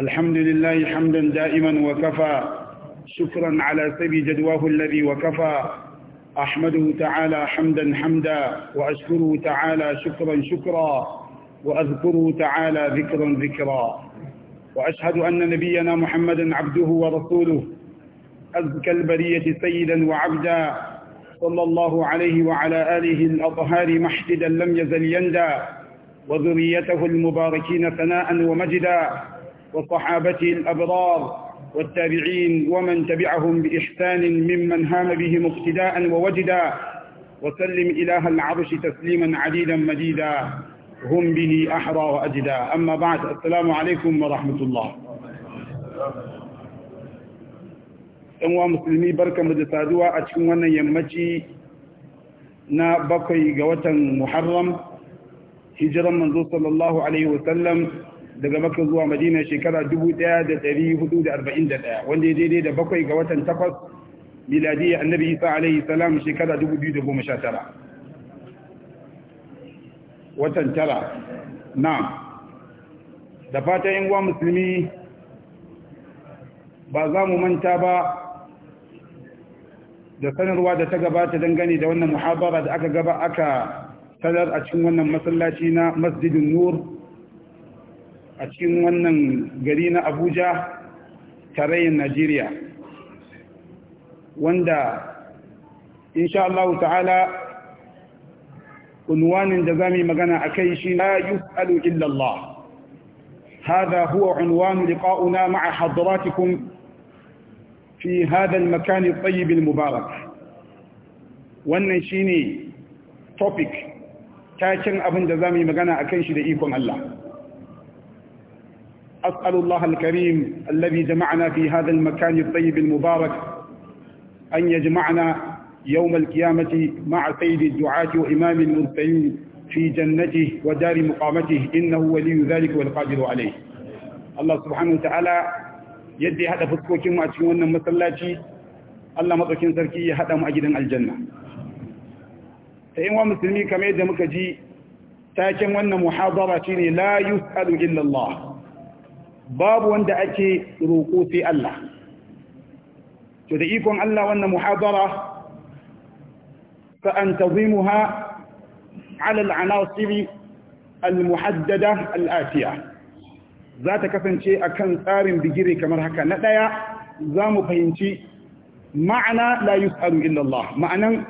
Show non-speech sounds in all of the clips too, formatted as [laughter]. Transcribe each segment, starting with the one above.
الحمد لله حمدا دائما وكفى شكرا على سبي جدواه الذي وكفى أحمده تعالى حمدا حمدا وأشكره تعالى شكرا شكرا وأذكره تعالى ذكرا ذكرا وأشهد أن نبينا محمدا عبده ورسوله أزكى البرية سيدا وعبدا صلى الله عليه وعلى آله الأطهار محددا لم يزل يندى وذريته المباركين ثناء ومجدا وصحابته الأبرار والتابعين ومن تبعهم بإحسان ممن هام بهم اقتداء ووجدا وسلم إله العرش تسليما عديدا مديدا هم به أحرى وأجدا أما بعد السلام عليكم ورحمة الله ɗanwa مسلمي بركة mu أتكون saduwa a cikin wannan yammaci na bakwai ga watan muharram hijiran manzo daga makka zuwa madina shekara 1441 wanda ya daidai da bakwai ga watan takwas miladiyya annabi isa alaihi salam shekara 2019 watan tara na da fata yin musulmi ba za mu manta ba da sanarwa da ta gabata dangane da wannan muhabara da aka gaba aka sanar a cikin wannan masallaci na masjidin nur a cikin wannan gari na abuja tarayyar najeriya wanda insha Allah ta'ala unwanin da zamu magana akai shi la yus'alu illa Allah هذا هو عنوان لقاؤنا مع حضراتكم في هذا المكان الطيب المبارك wannan shine topic taken abin da zamu yi magana akan shi da ikon Allah أسأل الله الكريم الذي جمعنا في هذا المكان الطيب المبارك أن يجمعنا يوم القيامة مع سيد الدعاة وإمام المرسلين في جنته ودار مقامته إنه ولي ذلك والقادر عليه الله سبحانه وتعالى يدي هذا فسكوكين وأتشون مسلاتي Allah matsakin sarki ya haɗa mu a gidan aljanna ta yin wa musulmi kamar yadda muka ji taken wannan babu wanda ake roƙo sai Allah to da ikon Allah wannan muhadara fa antazimuha ala al-anasib al-muhaddada al-atiya za ta kasance tsarin bigire kamar haka na ɗaya za mu fahimci ma'ana la yus'alu illa Allah ma'anan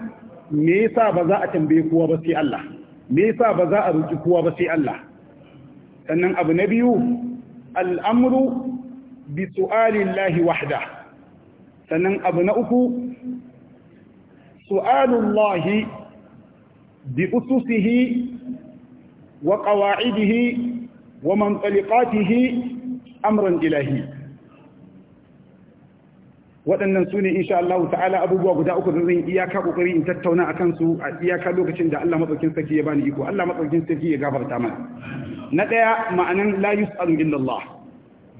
me yasa ba za a tambaye kowa ba sai Allah me yasa ba za a roki kowa ba sai Allah sannan abu na biyu الأمر بسؤال الله وحده سنن أبناؤك سؤال الله بأسسه وقواعده ومنطلقاته أمر إلهي waɗannan su ne insha Allah ta'ala abubuwa guda uku da zan iyaka kokari in tattauna akan su a iyaka lokacin da Allah madaukakin sarki ya bani iko Allah madaukakin sarki ya gafarta mana na daya ma'anan la yus'alu illa Allah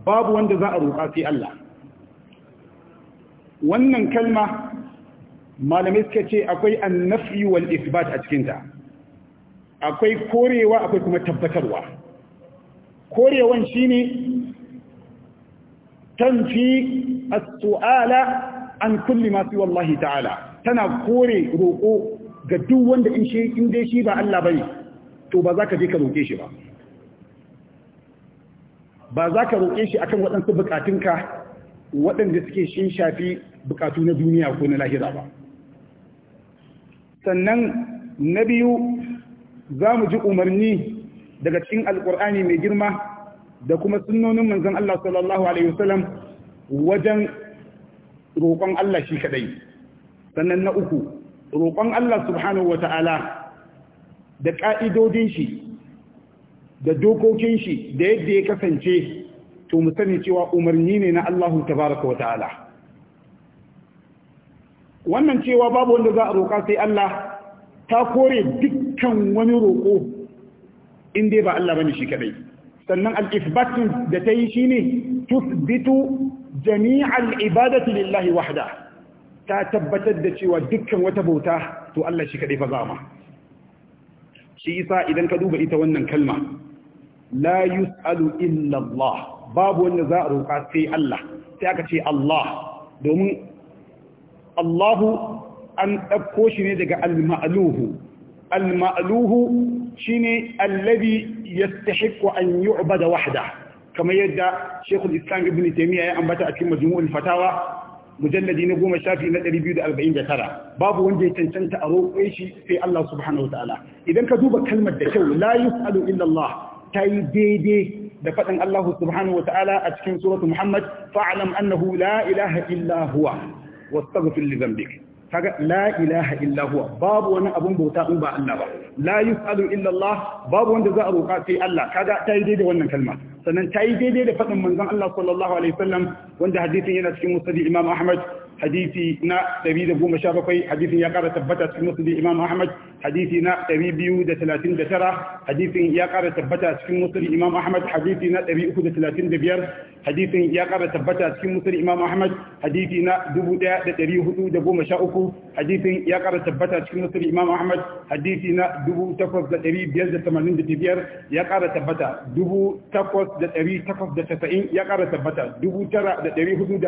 babu wanda za a roƙa sai Allah wannan kalma malamai suka ce akwai annafi wal isbat a cikin ta akwai korewa akwai kuma tabbatarwa korewan shine tanfi as-su'ala an kulli ma fi wallahi ta'ala tana kore roƙo ga duk wanda in shi in dai shi ba Allah bane to ba za ka je ka roƙe shi ba ba za ka roƙe shi akan waɗansu buƙatunka waɗanda suke shin shafi buƙatu na duniya ko na lahira ba sannan na biyu za mu ji umarni daga cikin alƙur'ani mai girma da kuma sunnonin manzon Allah sallallahu alaihi wasallam wajen roƙon Allah shi kadai sannan na uku roƙon Allah subhanahu wata'ala da ƙa'idodin shi da dokokin shi da yadda ya kasance to mu sani cewa umarni ne na Allah tabaraka ta'ala. wannan cewa babu wanda za a roƙa sai Allah ta kore dukkan wani roƙo in dai ba Allah bane shi kadai sannan al'ifbatin da ta yi shine tusbitu jami'al ibadatu lillahi wahda ta tabbatar da cewa dukkan wata bauta to Allah shi ka fa zama shi isa idan ka duba ita wannan kalma la yus'alu illa Allah babu wanda za a roƙa sai Allah sai aka ce Allah domin Allahu an ɗauko shi ne daga al-ma'luhu al-ma'luhu shine allazi yastahiqu an yu'bada wahda kamar yadda Sheikhul Islam Ibn taimiyya ya ambata a cikin Majmu'ul Fatawa mujalladi na goma shafi na 249 babu wanda ya cancanta a roƙe shi sai Allah subhanahu wataala idan ka duba kalmar da kyau la yus'alu illa Allah ta yi daidai da faɗin Allah subhanahu wataala a cikin suratu Muhammad fa'lam annahu la ilaha illa huwa wastaghfir li dhanbika kaga la ilaha illa huwa babu wani abun bauta in ba Allah ba la yusalu illa Allah babu wanda za a roƙa sai Allah kaga ta yi daidai wannan kalma sannan ta yi daidai da faɗin manzon Allah sallallahu alaihi wasallam wanda hadisin yana cikin musnad Imam Ahmad hadisi na 117 hadisin ya kara tabbata cikin musulun imam ahmad hadisi na 239 hadisin ya kara tabbata cikin musulun imam ahmad hadisi na 335 hadisin ya kara tabbata cikin musulun imam ahmad hadisi na 1413 hadisin ya kara tabbata cikin musulun imam ahmad hadisi na 8585 ya kara tabbata 8890 ya kara tabbata 9442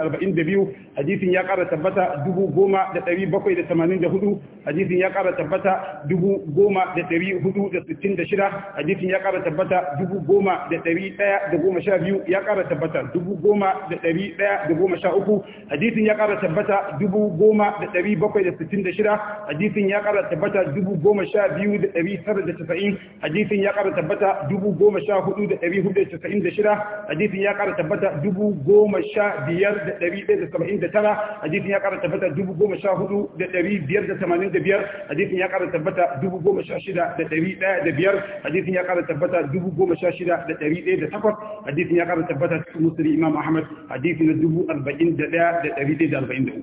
hadisin ya kara kara tabbata dubu goma da ɗari bakwai da tamanin da hudu hadisin ya kara tabbata dubu goma da ɗari hudu da sittin da shida hadisin ya kara tabbata dubu goma da ɗari ɗaya da goma sha biyu ya kara tabbata dubu goma da ɗari ɗaya da goma sha uku hadisin ya kara tabbata dubu goma da ɗari bakwai da sittin da shida hadisin ya kara tabbata dubu goma sha biyu da ɗari tara da casa'in hadisin ya kara tabbata dubu goma sha hudu da ɗari hudu da casa'in da shida hadisin ya kara tabbata dubu goma sha biyar da ɗari ɗaya da saba'in da tara hadisin ya ƙara tabbata dubu goma sha hudu da da da biyar tamanin biyar hadisin ya ƙara tabbata dubu goma sha shida da da biyar hadisin ya ƙara tabbata dubu goma sha shida da da takwas hadisin ya ƙara tabbata cikin musulun imam ahmad hadisin na 41143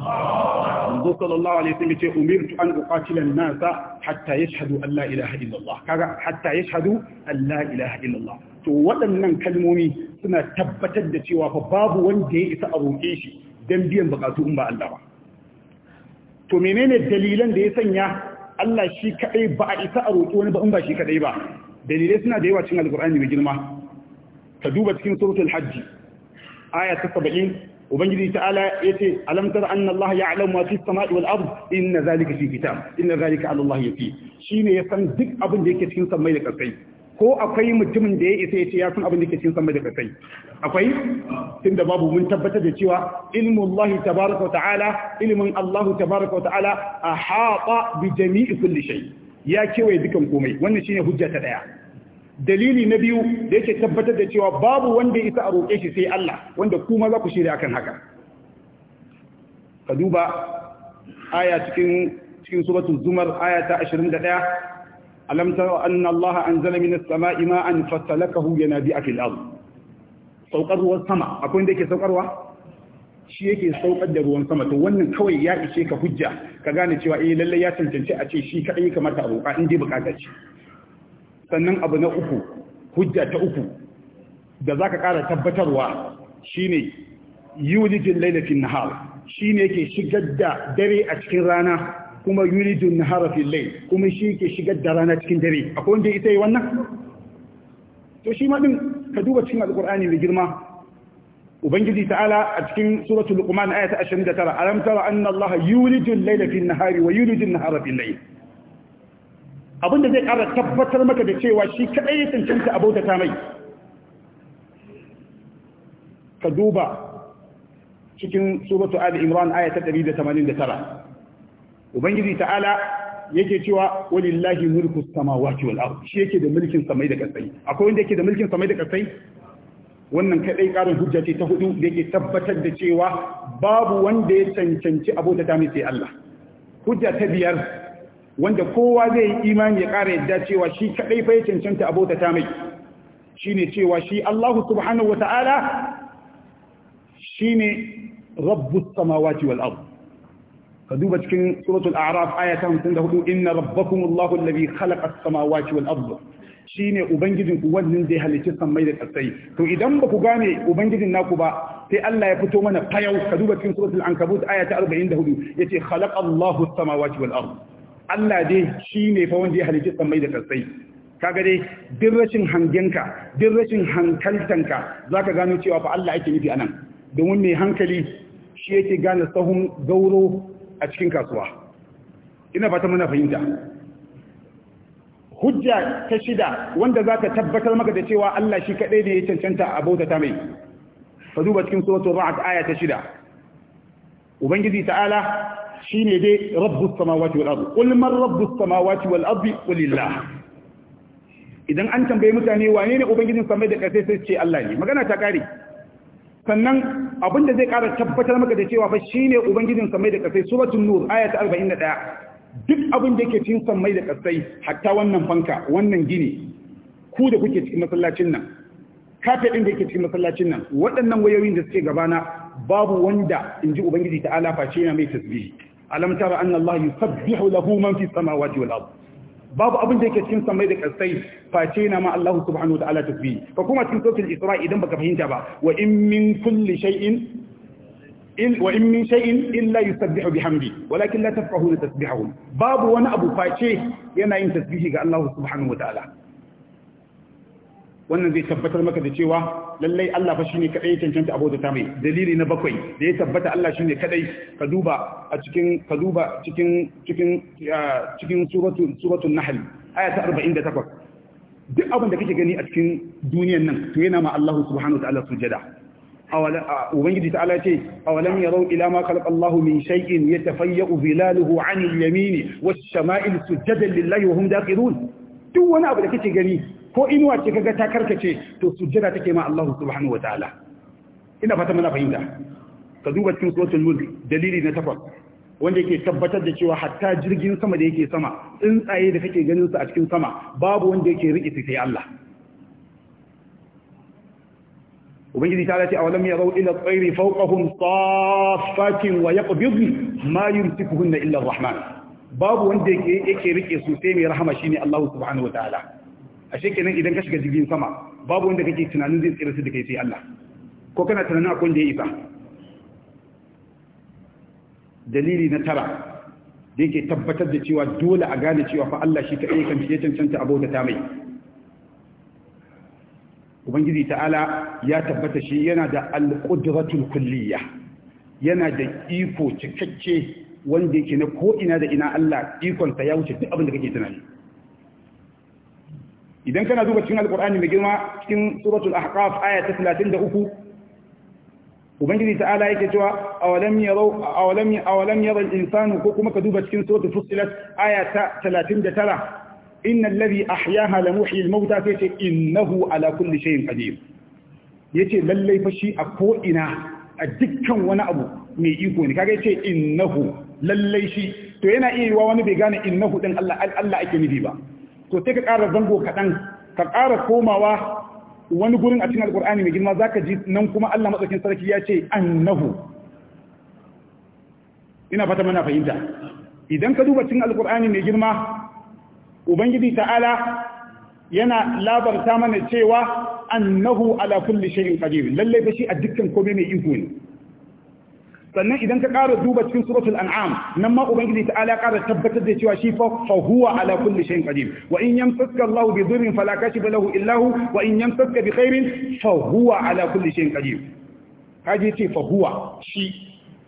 manzo sallallahu alaihi wasallam yace umirtu an uqatila an-nasa hatta yashhadu an la ilaha illa Allah kaga hatta yashhadu an la ilaha illa Allah to waɗannan kalmomi suna tabbatar da cewa fa babu wanda ya isa a roƙe shi don biyan bukatu in ba Allah ba to menene dalilan da ya sanya Allah shi kaɗai ba a isa a roƙi wani ba in ba shi kaɗai ba dalilai suna da yawa cikin Alƙur'ani mai girma ka duba cikin suratul hajji aya ta 70 ubangiji ta'ala yace alam tara anna allaha ya'lamu ma fi samai wal ard inna zalika fi kitab inna zalika ala allah yafi shine ya san duk abin da yake cikin samai da kasai ko akwai mutumin da ya isa ya ce ya san abin da ke cikin sama da kasai akwai tunda babu mun tabbatar da cewa ilmun Allah tabaraka wa ta'ala ilmin Allah tabaraka wa ta'ala ahata bi jami'i kulli shay ya kewaye dukan komai wannan shine hujja ta daya dalili na biyu da yake tabbatar da cewa babu wanda ya isa a roƙe shi sai Allah wanda kuma za ku shirya akan haka ka duba aya cikin cikin suratul zumar aya ta 21 alam tara anna Allah anzala min as-sama'i ma'an fasalakahu a fil ard saukar ruwan sama akwai inda yake saukarwa shi yake saukar da ruwan sama to wannan kawai ya ishe ka hujja ka gane cewa eh lalle ya cancanci a ce shi kadai kamata a roƙa in dai bukata ce sannan abu na uku hujja ta uku da zaka ƙara tabbatarwa shine yulijin laila nahar shine yake shigar da dare a cikin rana kuma yulijun na harafin lai kuma shi ke shigar da rana cikin dare akwai wanda ita yi wannan to shi ma ka duba cikin Alƙur'ani mai girma ubangiji ta'ala a cikin suratul luqman ayata 29 alam tara anna allaha yulijul layla fil nahari wa yulijun nahara fil layl abinda zai ƙara tabbatar maka da cewa shi kadai ya cancanta abota ta mai ka duba cikin suratul ali imran ayata 189 ubangiji ta'ala yake cewa walillahi mulku samawati wal ard shi yake da mulkin samai da kasai akwai wanda yake da mulkin samai da kasai wannan kadai karin hujja ce ta hudu da yake tabbatar da cewa babu wanda ya cancanci abota mai sai Allah hujja ta biyar wanda kowa zai yi imani ya kara yadda cewa shi kadai fa ya cancanta abota ta mai shine cewa shi Allah subhanahu wataala shine rabbus samawati wal ard ka duba cikin suratul a'raf aya ta 54 inna rabbakum allahu alladhi khalaqa as-samawati wal arda shine ubangijin ku wannan da ya halicci sammai da kasai to idan ba ku gane ubangijin naku ba sai Allah ya fito mana fayau ka duba cikin suratul ankabut aya ta 44 yace khalaqa allahu as-samawati wal arda Allah dai shine fa wanda ya halicci sammai da kasai kaga dai duk rashin hangenka duk rashin hankaltanka zaka gano cewa fa Allah ake nufi anan domin mai hankali shi yake gane sahun gauro a cikin kasuwa ina fata muna fahimta hujja ta shida wanda za ka tabbatar maka da cewa Allah shi kaɗai ne ya cancanta a bauta ta mai ka duba cikin suratul ra'd aya ta shida ubangiji ta'ala shine dai rabbus samawati wal ardi qul man rabbus samawati wal ardi qulillah idan an tambaye mutane wane ne ubangijin samai da ƙasa sai ce Allah ne magana ta kare sannan abin da zai ƙara tabbatar maka da cewa fa shine ubangijin samai da kasai suratul nur aya ta 41 duk abin da yake cikin samai da kasai hatta wannan fanka wannan gini ku da kuke cikin masallacin nan kafe din da yake cikin masallacin nan waɗannan wayoyin da suke gabana babu wanda inji ubangiji ta alafa shi yana mai tasbihi alam tara anna allah yusabbihu lahu man fis samawati wal ardh babu abin da yake cikin samai da kasai face na ma Allah subhanahu wa ta'ala tafi fa kuma cikin sautin isra idan baka fahimta ba wa in min kulli shay'in wa in min shay'in illa yusabbihu bihamdi walakin la tafqahuna tasbihahum babu wani abu face yana yin tasbihi ga Allah subhanahu wa ta'ala wannan zai tabbatar maka da cewa lallai Allah fa shine kadai cancanta abota ta mai dalili na bakwai da ya tabbata Allah shine kadai ka duba a cikin ka duba cikin cikin cikin suratu suratul nahl aya ta 48 duk abin da kake gani a cikin duniyar nan to yana ma Allah subhanahu wa ta'ala sujada ubangiji ta'ala ce awalam yarau ila ma khalaqa Allahu min shay'in yatafayyu zilaluhu 'ani al-yamin was-sama'i sujadan lillahi wa hum duk wani abu da kake gani ko inuwa ce kaga ta karkace to sujjada take ma Allah subhanahu wataala ina fata muna fahimta ka duba cikin suratul mulk dalili na takwas wanda yake tabbatar da cewa hatta jirgin sama da yake sama tsuntsaye da kake ganin su a cikin sama babu wanda yake riƙe su sai Allah ubangiji ta ce awalam yarau ila tsairi fawqahum saffatin wa yaqbidun ma yumsikuhunna illa arrahman babu wanda yake yake rike su sai mai rahama shine Allah subhanahu wataala ashe kenan idan ka shiga jirgin sama babu wanda kake tunanin zai tsira su da kai sai Allah ko kana tunanin akwai da ya isa dalili na tara da yake tabbatar da cewa dole a gane cewa fa Allah shi kaɗai kan ya cancanta abota ta mai ubangiji ta'ala ya tabbata shi yana da alqudratul kulliyya yana da iko cikakke wanda yake na ko ina da ina Allah ikonsa ya wuce duk abin da kake tunani idan kana duba cikin alkur'ani mai girma cikin suratul ahqaf aya ta 33 ubangiji ta'ala yake cewa awalam yarau awalam awalam yara al-insanu ko kuma ka duba cikin suratul fussilat aya ta 39 innal ladhi ahyaha la muhyi al-mauta fa yace innahu ala kulli shay'in qadir yace lallai fa shi a ko ina a dukkan wani abu mai iko ne kaga yace innahu lallai shi to yana iya yiwa wani bai gane innahu din Allah Allah ake nufi ba to sai ka ƙara zango kaɗan ka ƙara komawa wani gurin a cikin alƙur'ani mai girma zaka ji nan kuma Allah matsakin sarki ya ce annahu ina fata mana fahimta idan ka duba cikin alƙur'ani mai girma ubangiji ta'ala yana labarta mana cewa annahu ala kulli shay'in qadir lalle fa shi a dukkan komai mai iko ne sannan idan ka ƙara duba cikin suratul an'am nan ma ubangiji ta ala ƙara tabbatar da cewa shi fa huwa ala kulli shay'in qadir wa in yamsaka Allah bi dhurrin fala kashifa lahu illa hu wa in yamsaka bi khairin fa huwa ala kulli shay'in qadir kaje ce fa huwa shi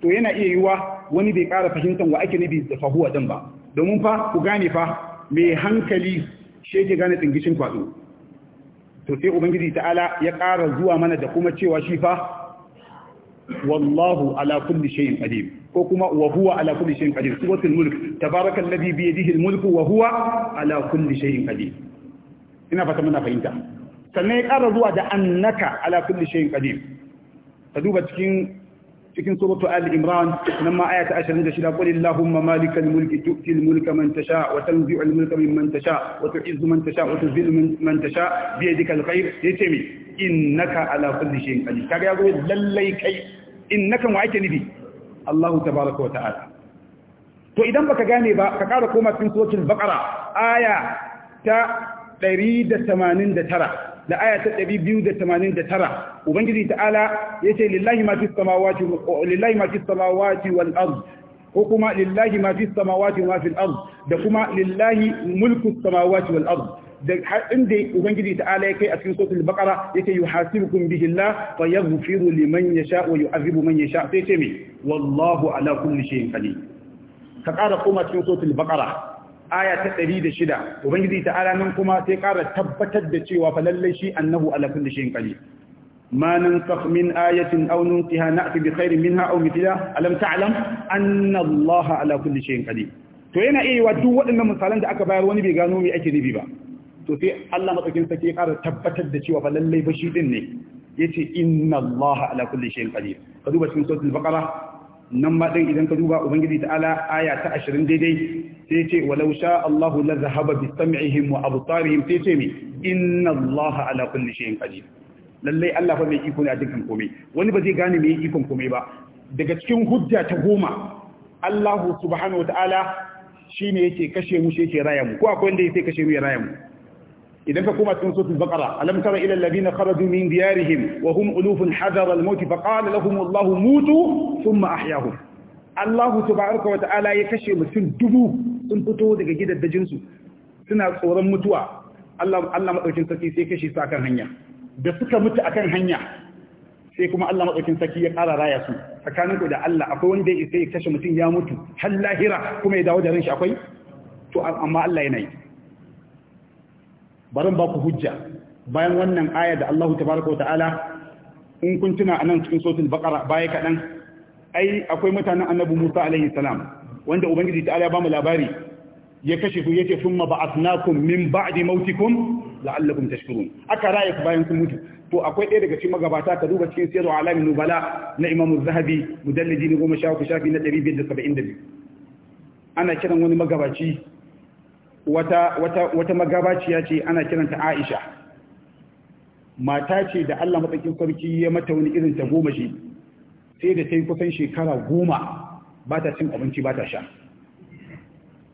to yana iya yiwa wani bai ƙara fahimtar wa ake nufi da fa huwa din ba domin fa ku gane fa mai hankali shi yake gane tsingishin kwazo to sai ubangiji ta'ala ya ƙara zuwa mana da kuma cewa shi fa wallahu ala kulli shay'in qadir ko kuma wa huwa ala kulli shay'in qadir suratul mulk tabarakal ladhi bi yadihi al mulku wa huwa ala kulli shay'in qadir ina fata muna fahimta sannan ya ƙara zuwa da annaka ala kulli shay'in qadir ka duba cikin cikin suratu al-imran nan ma aya ta 26 qul allahumma mulki mulka man tasha wa mulka mimman tasha wa tu'izzu man tasha wa tuzillu man tasha bi khair yace innaka ala kulli shay'in qadir kaga yazo lallai kai innaka wa ake nufi Allahu tabaaraka wa ta'ala to idan baka gane ba ka ƙara koma cikin suratul baqara aya ta 189 da aya ta 289 ubangiji ta'ala yace lillahi ma fis samawati lillahi ma fis samawati wal ard ko kuma lillahi ma fis samawati wa fil ard da kuma lillahi mulku samawati wal ard da hadin da ubangiji ta'ala ya kai a cikin suratul yake yuhasibukum bihi Allah fa yaghfiru liman yasha wa man yasha sai ce me wallahu ala kulli shay'in kali ka ƙara koma cikin suratul baqara aya ta 106 ubangiji ta'ala nan kuma sai ƙara tabbatar da cewa fa lalle shi annahu ala kulli shay'in qadir ما min من آية أو ننسها نأتي بخير منها أو مثلها ألم تعلم أن الله ala كل شيء kali to yana iya wa duk waɗannan misalan da aka bayar wani bai gano mai ake nufi ba to sai Allah madaukin sarki ya ƙara tabbatar da cewa fa lallai ba shi din ne yace inna Allah ala kulli shay'in qadir ka duba cikin suratul baqara nan ma din idan ka duba ubangiji ta'ala aya ta 20 daidai sai yace walau sha Allahu la zahaba bi sam'ihim wa absarihim sai yace mi inna Allah ala kulli shay'in qadir lallai Allah fa mai iko ne a dukkan komai wani ba zai gane mai iko komai ba daga cikin hujja ta goma Allah subhanahu wa ta'ala shine yake kashe mu shi yake raya mu ko akwai wanda yake kashe mu ya raya mu idan ka koma cikin suratul baqara alam tara ila alladhina kharaju min diyarihim wa hum ulufun hadara al-maut fa qala lahum allah mutu thumma ahyahum allah tabaaraka wa ta'ala ya kashe mutum dubu sun fito daga gidaddajin su suna tsoron mutuwa Allah Allah madaukin sarki sai kashe su akan hanya da suka mutu akan hanya sai kuma Allah madaukin sarki ya kara raya su tsakaninku da Allah akwai wanda ya isa ya kashe mutum ya mutu har lahira kuma ya dawo da ran shi akwai to amma Allah yana yi barin ba ku hujja bayan wannan aya da Allah tabaraka wa ta'ala in kun tuna anan cikin suratul baqara baya kadan ai akwai mutanen annabi Musa alaihi salam wanda ubangiji ta'ala ya ba mu labari ya kashe ku yace thumma ba'athnakum min ba'di mautikum la'allakum tashkurun aka raye ku bayan kun mutu to akwai ɗaya daga cikin magabata ka duba cikin sirru alamin nubala na imamu zahabi mujallaji goma sha uku shafi na ɗari biyar da saba'in da biyu ana kiran wani magabaci wata wata wata magabaciya ce ana kiranta Aisha mata ce da Allah madaukin sarki ya mata wani irin ta goma shi sai da ta yi kusan shekara goma ba ta cin abinci ba ta sha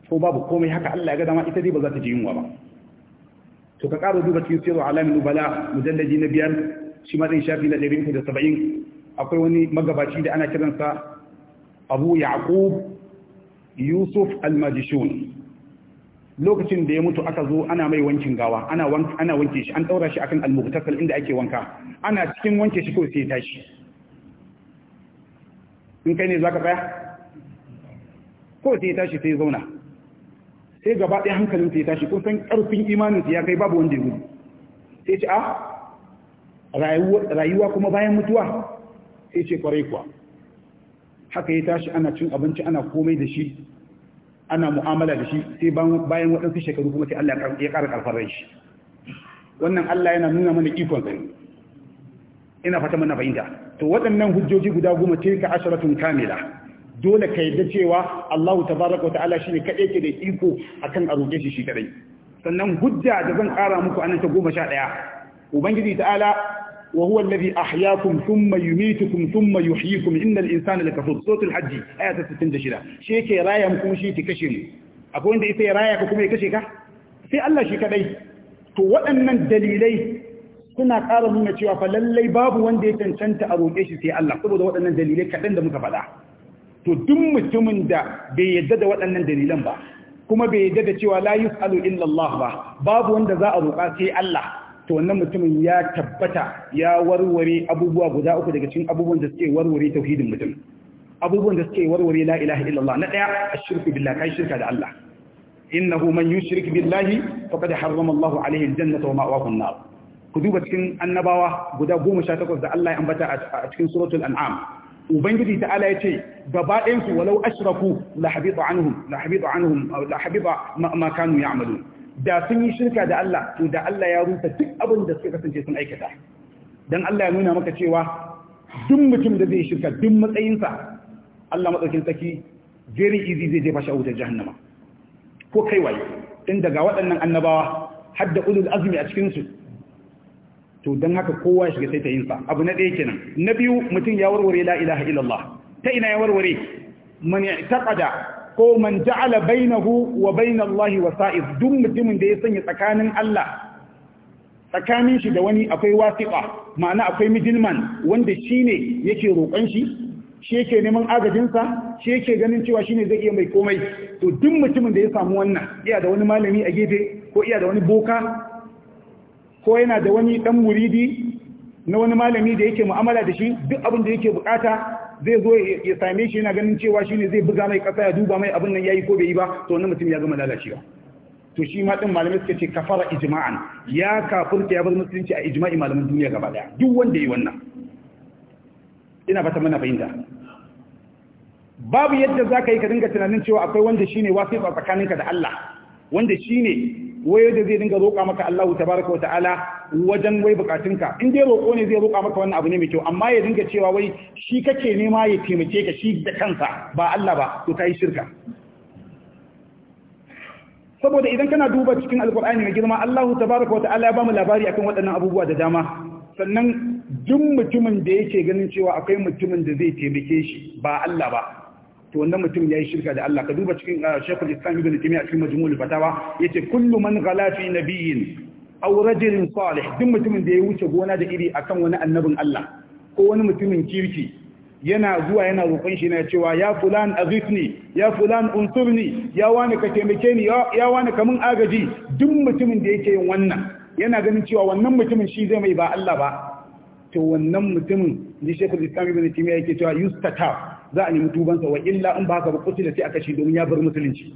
ko babu komai haka Allah ya ga dama ita dai ba za ta ji yunwa ba to ka ƙara duba cikin sirru alamin nubala mujallaji na biyar shi ma zai shafi na ɗari uku da saba'in akwai wani magabaci da ana kiransa abu yaqub yusuf almajishun lokacin da ya mutu aka zo ana mai wankin gawa ana ana wanke shi an daura shi akan almughtasal inda ake wanka ana cikin wanke shi kawai sai ya tashi in kai ne zaka tsaya ko sai ya tashi sai ya zauna sai gaba ɗaya hankalin sai ya tashi kun san ƙarfin imanin ya kai babu wanda ya gudu sai ce ah, a rayuwa kuma bayan mutuwa sai ce kwarai kuwa haka ya tashi ana cin abinci ana komai da shi ana mu'amala da shi sai bayan waɗansu shekaru kuma sai Allah ya ƙara ƙarfar shi wannan Allah yana nuna mana ikon sa ina fata mana fahimta to waɗannan hujjoji guda goma ka asharatun kamila dole ka yadda cewa Allahu tabaraka wa ta'ala shine kaɗai ke da iko akan a roƙe shi shi kaɗai sannan hujja da zan ƙara muku anan ta goma sha ɗaya ubangiji ta'ala wa huwa alladhi ahyaakum thumma yumitukum thumma yuhyikum innal insana lakafur suratul hajj aya ta 66 shi yake raya kuma shi yake kashe mu akwai wanda yake raya ka kuma ya kashe ka sai Allah shi kadai to waɗannan dalilai suna ƙara nuna cewa fa lallai babu wanda ya cancanta a roƙe shi sai Allah saboda waɗannan dalilai kaɗan da muka faɗa to duk mutumin da bai yadda da waɗannan dalilan ba kuma bai yadda da cewa la yus'alu illa Allah ba babu wanda za a roƙa sai Allah to wannan mutumin ya tabbata ya warware abubuwa guda uku daga cikin abubuwan da suke warware tauhidin mutum abubuwan da suke warware la ilaha illallah na daya ashirku billah kai shirka da Allah innahu man yushrik billahi faqad harrama Allah alayhi aljannata wa ma'wahu an-nar ku duba cikin annabawa guda 18 da Allah ya ambata a cikin suratul an'am ubangiji ta'ala yace gaba ɗayan su walau ashraku la habita anhum la habita anhum la habita ma kanu ya'malun da sun yi shirka da Allah to da Allah ya rusa duk abin da suka kasance sun aikata dan Allah ya nuna maka cewa duk mutum da zai shirka duk matsayinsa Allah madaukin saki very easy zai jefa shi a wutar jahannama ko kai waye in daga waɗannan annabawa har da ulul azmi a cikin su to dan haka kowa ya shiga sai ta yinsa abu na ɗaya kenan na biyu mutum ya warware la ilaha illallah ta ina ya warware man taqada ko man ja'ala bainahu wa bainallahi wasa'id duk mutumin da ya sanya tsakanin Allah tsakanin shi da wani akwai wasiqa ma'ana akwai middleman wanda shine yake roƙon shi shi yake neman agajin sa shi yake ganin cewa shine zai iya mai komai to duk mutumin da ya samu wannan iya da wani malami a gefe ko iya da wani boka ko yana da wani dan muridi na wani malami da yake mu'amala da shi duk abin da yake bukata zai zo ya same shi yana ganin cewa shine zai buga mai kasa ya duba mai abin nan yayi ko bai yi ba to wannan mutum ya gama lalacewa to shi ma din malamai suka ce kafara ijma'an ya kafirta ya bar musulunci a ijma'i malaman duniya gaba daya duk wanda yi wannan ina fata mana fahimta babu yadda zaka yi ka dinga tunanin cewa akwai wanda shine wasifa tsakaninka da Allah wanda shine wai da zai dinga roƙa maka Allahu tabaraka wa ta'ala wajen wai bukatunka in dai roƙo ne zai roƙa maka wannan abu ne mai kyau amma ya dinga cewa wai shi kake nema ya taimake ka shi da kansa ba Allah ba to kai shirka saboda idan kana duba cikin alkur'ani mai girma Allahu tabaraka wa ta'ala ya bamu labari akan waɗannan abubuwa da dama sannan duk mutumin da yake ganin cewa akwai mutumin da zai taimake shi ba Allah ba to wannan mutum yayi shirka da Allah ka duba cikin ah, Sheikhul Islam Ibn Taymiyyah cikin Majmu'ul Fatawa yace kullu man ghala fi nabiyyin aw rajulin salih duk mutumin da ya wuce gona da iri akan wani annabin Allah ko wani mutumin kirki yana zuwa yana roƙon shi yana cewa ya fulan azifni ya fulan unsurni ya wani ka taimake ni ya wani ka mun agaji duk mutumin da yake yin wannan yana ganin cewa wannan mutumin shi zai mai ba Allah ba to wannan mutumin ni Sheikhul Islam Ibn Taymiyyah yake cewa yustatab za a nemi tubansa wa illa in ba ka ba da sai aka shi domin ya bar musulunci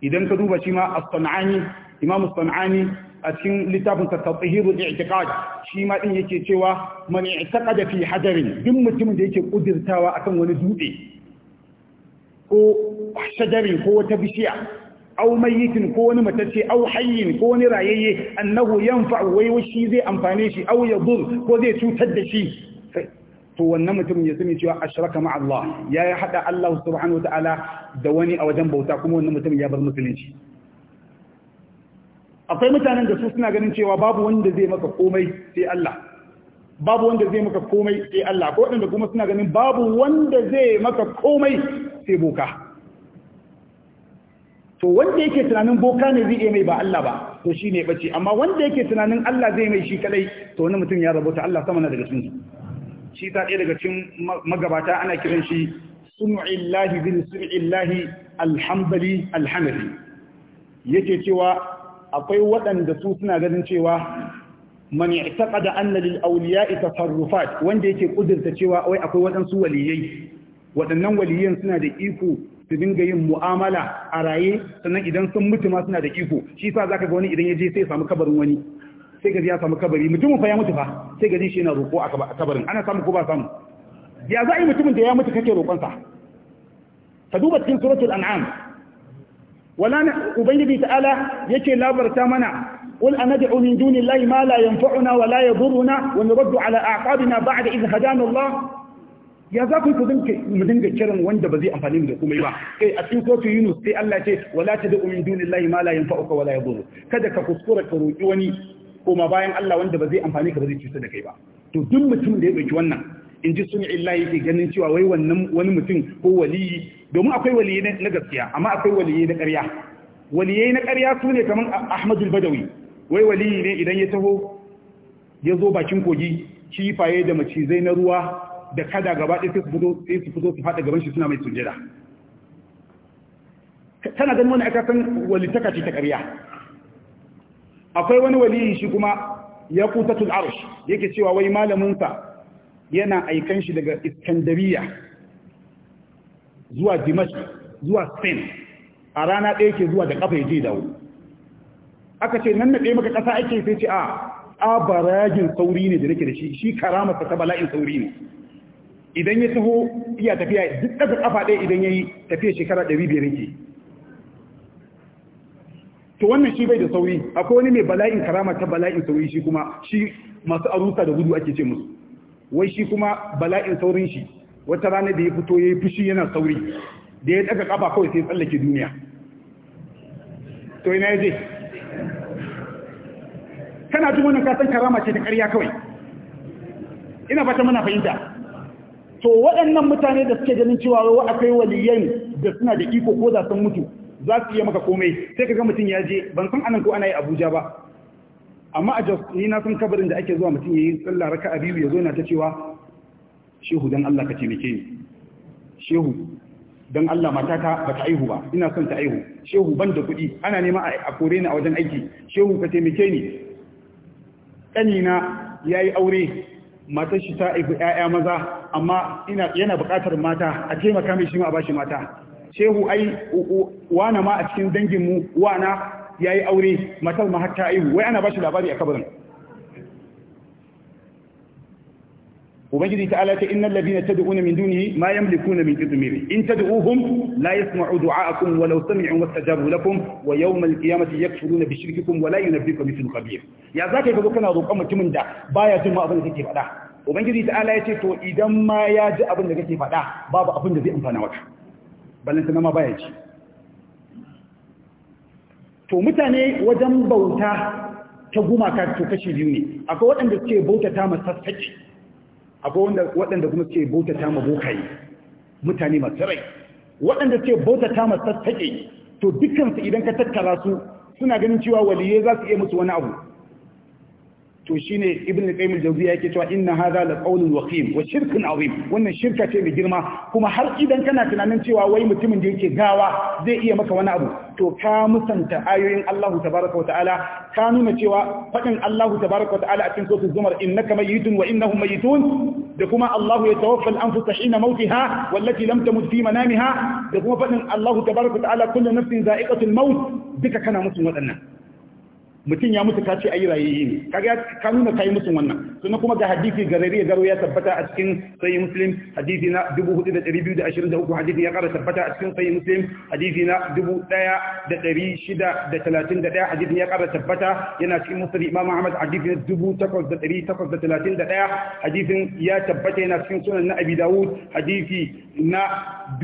idan ka duba shi ma as-sanani imamu sanani a cikin littafin sa tafsirul i'tiqad shi ma din yake cewa man i'taqada fi hadarin duk mutumin da yake kudirtawa akan wani dutse ko shajarin ko wata bishiya aw mayyitin ko wani matacce aw hayyin ko wani rayayye annahu yanfa'u wai shi zai amfane shi aw yadur ko zai cutar da shi to wannan mutum ya sani cewa ashraka ma Allah ya ya hada Allah subhanahu wataala da wani a wajen bauta kuma wannan mutum ya bar musulunci akwai mutanen da su suna ganin cewa babu wanda zai maka komai sai Allah babu wanda zai maka komai sai Allah ko wanda kuma suna ganin babu wanda zai maka komai sai boka to wanda yake tunanin boka ne zai iya mai ba Allah ba to shine bace amma wanda yake tunanin Allah zai mai shi kadai to wannan mutum ya rabota Allah sama na daga cikin shi ta ɗaya daga cikin magabata ana kiran shi sun'illahi bin sun'illahi alhambali alhamari yake cewa akwai waɗanda su suna ganin cewa taɓa da anna auliya ita farrufat wanda yake ƙudurta cewa awai akwai waɗansu waliyai waɗannan waliyan suna da iko su dinga yin mu'amala a raye sannan idan sun mutu ma suna da iko shi za ka ga wani idan ya je sai ya samu kabarin wani sai gaji ya samu kabari mutumin fa ya mutu fa sai gaji shi yana roƙo a kabarin ana samu ko ba samu ya za a yi mutumin da ya mutu kake roƙonsa ka duba cikin suratul an'am wala ubangiji ta'ala yake labarta mana قل أندعو من دون الله ما لا ينفعنا ولا يضرنا ونرد على أعقابنا بعد إذ هدانا الله ya za ku mu dinga kiran wanda ba zai amfani da kuma ba kai eh, a cikin kotu Yunus sai Allah ce wala tad'u min dunillahi ma la yanfa'uka wala yadhurru kada ka kuskura ka roki wani koma bayan Allah wanda ba zai amfani ka ba zai cuta da kai ba to duk mutum da ya dauki wannan in ji sun illa ke ganin cewa wai wannan wani mutum ko waliyi domin akwai waliyai na gaskiya amma akwai waliyi na ƙarya waliyi na ƙarya su ne kamar Ahmadu Badawi wai waliyi ne idan ya taho ya zo bakin kogi kifaye da macizai na ruwa da kada gaba ɗaya sai su fito su faɗa gaban shi suna mai sujada tana ganin wani aka san walitaka ce ta ƙarya akwai wani waliyi shi kuma ya kutatul arsh yake cewa wai malaminsa yana aikan shi daga iskandariya zuwa dimash zuwa spain a rana ɗaya ke zuwa da ƙafa ya je dawo aka ce nan na ɗaya maka ƙasa ake sai ce a abaragin sauri ne da nake da shi shi karama ta bala'in sauri ne idan ya taho iya tafiya duk daga ƙafa ɗaya idan ya yi tafiya shekara ɗari biyar yake to wannan shi bai da sauri akwai wani mai bala'in karama ta bala'in sauri shi kuma shi masu arusa da gudu ake ce musu wai shi kuma bala'in saurin shi wata rana da ya fito ya yi fushi yana sauri da ya daga kafa kawai sai tsallake duniya to ina je? kana jin wannan kasan karama ce ta ƙarya kawai ina fata muna fahimta to waɗannan mutane da suke ganin cewa wa akwai waliyan da suna da iko ko da sun mutu za su iya maka komai sai ka ga mutum ya je ban san anan ko ana yi abuja ba amma a jos ni na san kabarin da ake zuwa mutum ya yi tsalla raka a biyu ya zo na ta cewa shehu don allah ka taimake ni shehu don allah matata ba ta aihu ba ina son ta aihu shehu ban da kuɗi ana nema a kore ni a wajen aiki shehu ka taimake ni Ɗanina ya yi aure matar shi ta aihu 'ya'ya maza amma yana buƙatar mata a taimaka mai shi ma a bashi mata shehu ai wana ma a cikin dangin mu wana yayi aure matar ma har ta wai ana bashi labari a kabarin ubangiji ta ala ta innal ladina tad'una min dunihi ma yamlikuna min qitmir in tad'uhum la yasma'u du'a'akum wa law sami'u wastajabu lakum wa yawm al-qiyamati yakfuruna bi shirkikum wa la yunabbiku mithlu khabir ya zaka kaga kana roƙon mutumin da baya jin ma abin da kake faɗa ubangiji ta ala ya ce to idan ma ya ji abin da kake faɗa babu abin da zai amfana maka balanta nama baya ci to mutane wajen bauta ta gumaka to kashi biyu ne akwai waɗanda suke bautata ma sassaƙi akwai waɗanda kuma suke bautata ma bokaye mutane masu rai waɗanda suke bautata ma sassaƙi to dukkansu idan ka tattara su suna ganin cewa waliye za su iya musu wani abu to shine ibn qayyim al ke yake cewa inna hadha la qawlun waqim wa shirkun azim wannan shirka ce mai girma kuma har idan kana tunanin cewa wai mutumin da yake gawa zai iya maka wani abu to ka musanta ayoyin Allah tabaraka wa ta'ala ka nuna cewa fadin Allah tabaraka wa ta'ala a cikin suratul zumar innaka mayyitun wa innahum mayyitun da kuma Allah ya tawaffal anfusa hina mautiha wallati lam tamut fi manamiha da kuma fadin Allah tabaraka wa ta'ala kullu nafsin za'iqatul maut duka kana mutum waɗannan mutum ya mutu kace ayi rayayye ne kaga ka nuna kai musu wannan sannan kuma ga hadisi garari ya garo ya tabbata a cikin sahih muslim hadisi na 4223 hadisi ya kara tabbata a cikin sahih muslim hadisi na 1631 hadisi ya kara tabbata yana cikin musnad imam ahmad hadisi na 8831 hadisin ya tabbata yana cikin sunan na abi dawud hadisi na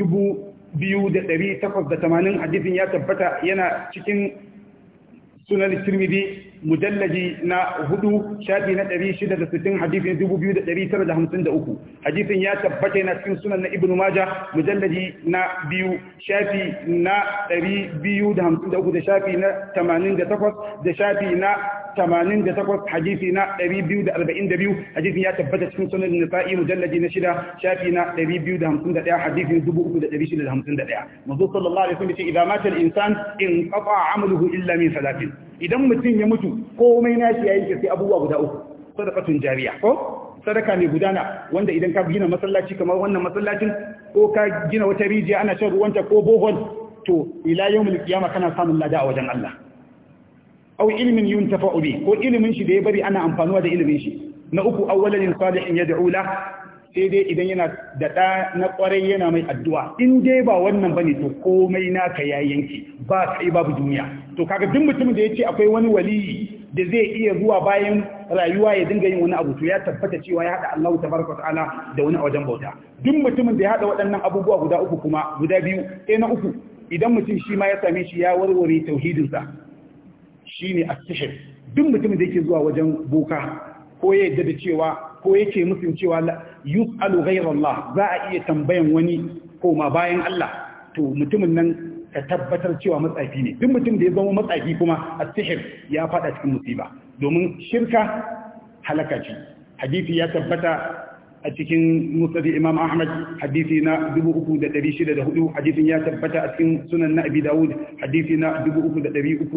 2880 hadisin ya tabbata yana cikin سنن الترمذي mujallaji na hudu shafi na 660 hadisin 2953 hadisin ya tabbata yana cikin sunan na ibnu maja mujallaji na biyu shafi na 253 da shafi na 88 da shafi na 88 hadisi na 242 hadisin ya tabbata cikin sunan nisa'i mujallaji na shida shafi na 251 hadisin 3651 manzo sallallahu alaihi wasallam ya ce idan mata al-insan in qata amaluhu illa min salatin idan mutum ya mutu komai nashi ya yi sai abubuwa guda uku sadaqatun jariya ko sadaka mai gudana wanda idan ka gina masallaci kamar wannan masallacin ko ka gina wata rijiya ana shan ruwanta ko bohol to ila yawmul qiyama kana samun lada a wajen Allah aw ilmin yuntafa'u bi ko ilimin shi da ya bari ana amfanuwa da ilimin shi na uku awwalan salihin yad'u la sai dai idan yana da ɗa na ƙwarai yana mai addu'a in dai ba wannan ba ne to komai naka ya yanke ba sai babu duniya to kaga duk mutumin da ya ce akwai wani waliyi da zai iya zuwa bayan rayuwa ya dinga yin wani abu to ya tabbata cewa ya haɗa Allah tabaraka ta'ala da wani a wajen bauta duk mutumin da ya haɗa waɗannan abubuwa guda uku kuma guda biyu sai na uku idan mutum shi ma ya same shi ya warware tauhidinsa shine at-tashir duk mutumin da yake zuwa wajen boka ko ya yadda da cewa ko yake musun cewa yus'alu ghayra Allah a iya tambayan wani ko ma bayan Allah to mutumin nan ka tabbatar cewa matsafi ne duk mutum da ya zama matsafi kuma as-sihr ya fada cikin musiba domin shirka halaka ce hadisi ya tabbata a cikin musnad Imam Ahmad hadisi na 3604 hadisin ya tabbata a cikin sunan na Abi Dawud hadisi na 3383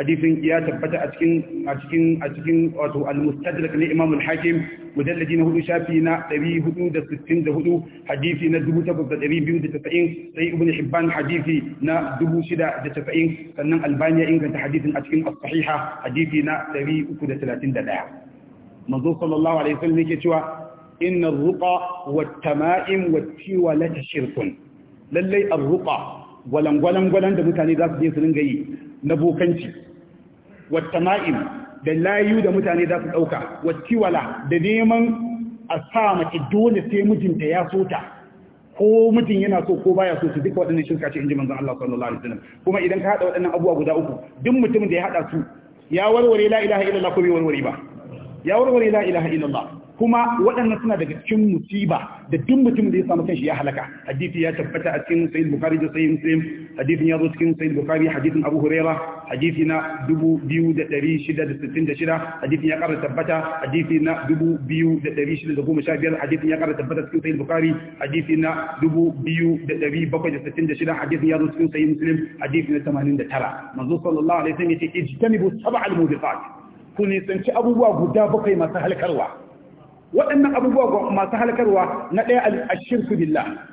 hadisin ya tabbata a cikin a cikin a cikin wato al-Mustadrak na Imam al-Hakim mujallaji na hudu shafi na 464 hadisi na 8290 sai ibn hibban hadisi na 6090 sannan albani ya inganta hadisin a cikin as-sahiha hadisi na 331 manzo sallallahu alaihi wasallam yake cewa inna ar-ruqa wat-tama'im wat-tiwala shirkun lallai ar-ruqa gwalan gwalan da mutane za su je su ringa yi na bokanci wat-tama'im da layu da mutane za su ɗauka wala da neman a sa mace dole sai mijinta ya so ta ko mijin yana so ko baya so su duka waɗannan shirka ce inji manzon Allah sallallahu alaihi wasallam kuma idan ka hada waɗannan abubuwa guda uku duk mutumin da ya hada su ya warware la ilaha illallah ko bai warware ba ya warware la ilaha illallah kuma waɗannan suna daga cikin musiba da duk mutum da ya samu kanshi ya halaka hadisi ya tabbata a cikin sayyid bukhari da sayyid muslim hadisin ya zo cikin sahih bukhari hadisin abu huraira hadisi na 2666 hadisin ya ƙara tabbata hadisi na 2615 hadisin ya ƙara tabbata cikin sahih bukhari hadisi na 2766 hadisin ya zo cikin sahih muslim hadisi na 89 manzo sallallahu alaihi wasallam yace ijtanibu sab'al mubiqat kun nisanci abubuwa guda bakwai masu halkarwa waɗannan abubuwa masu halkarwa na ɗaya ashirku billah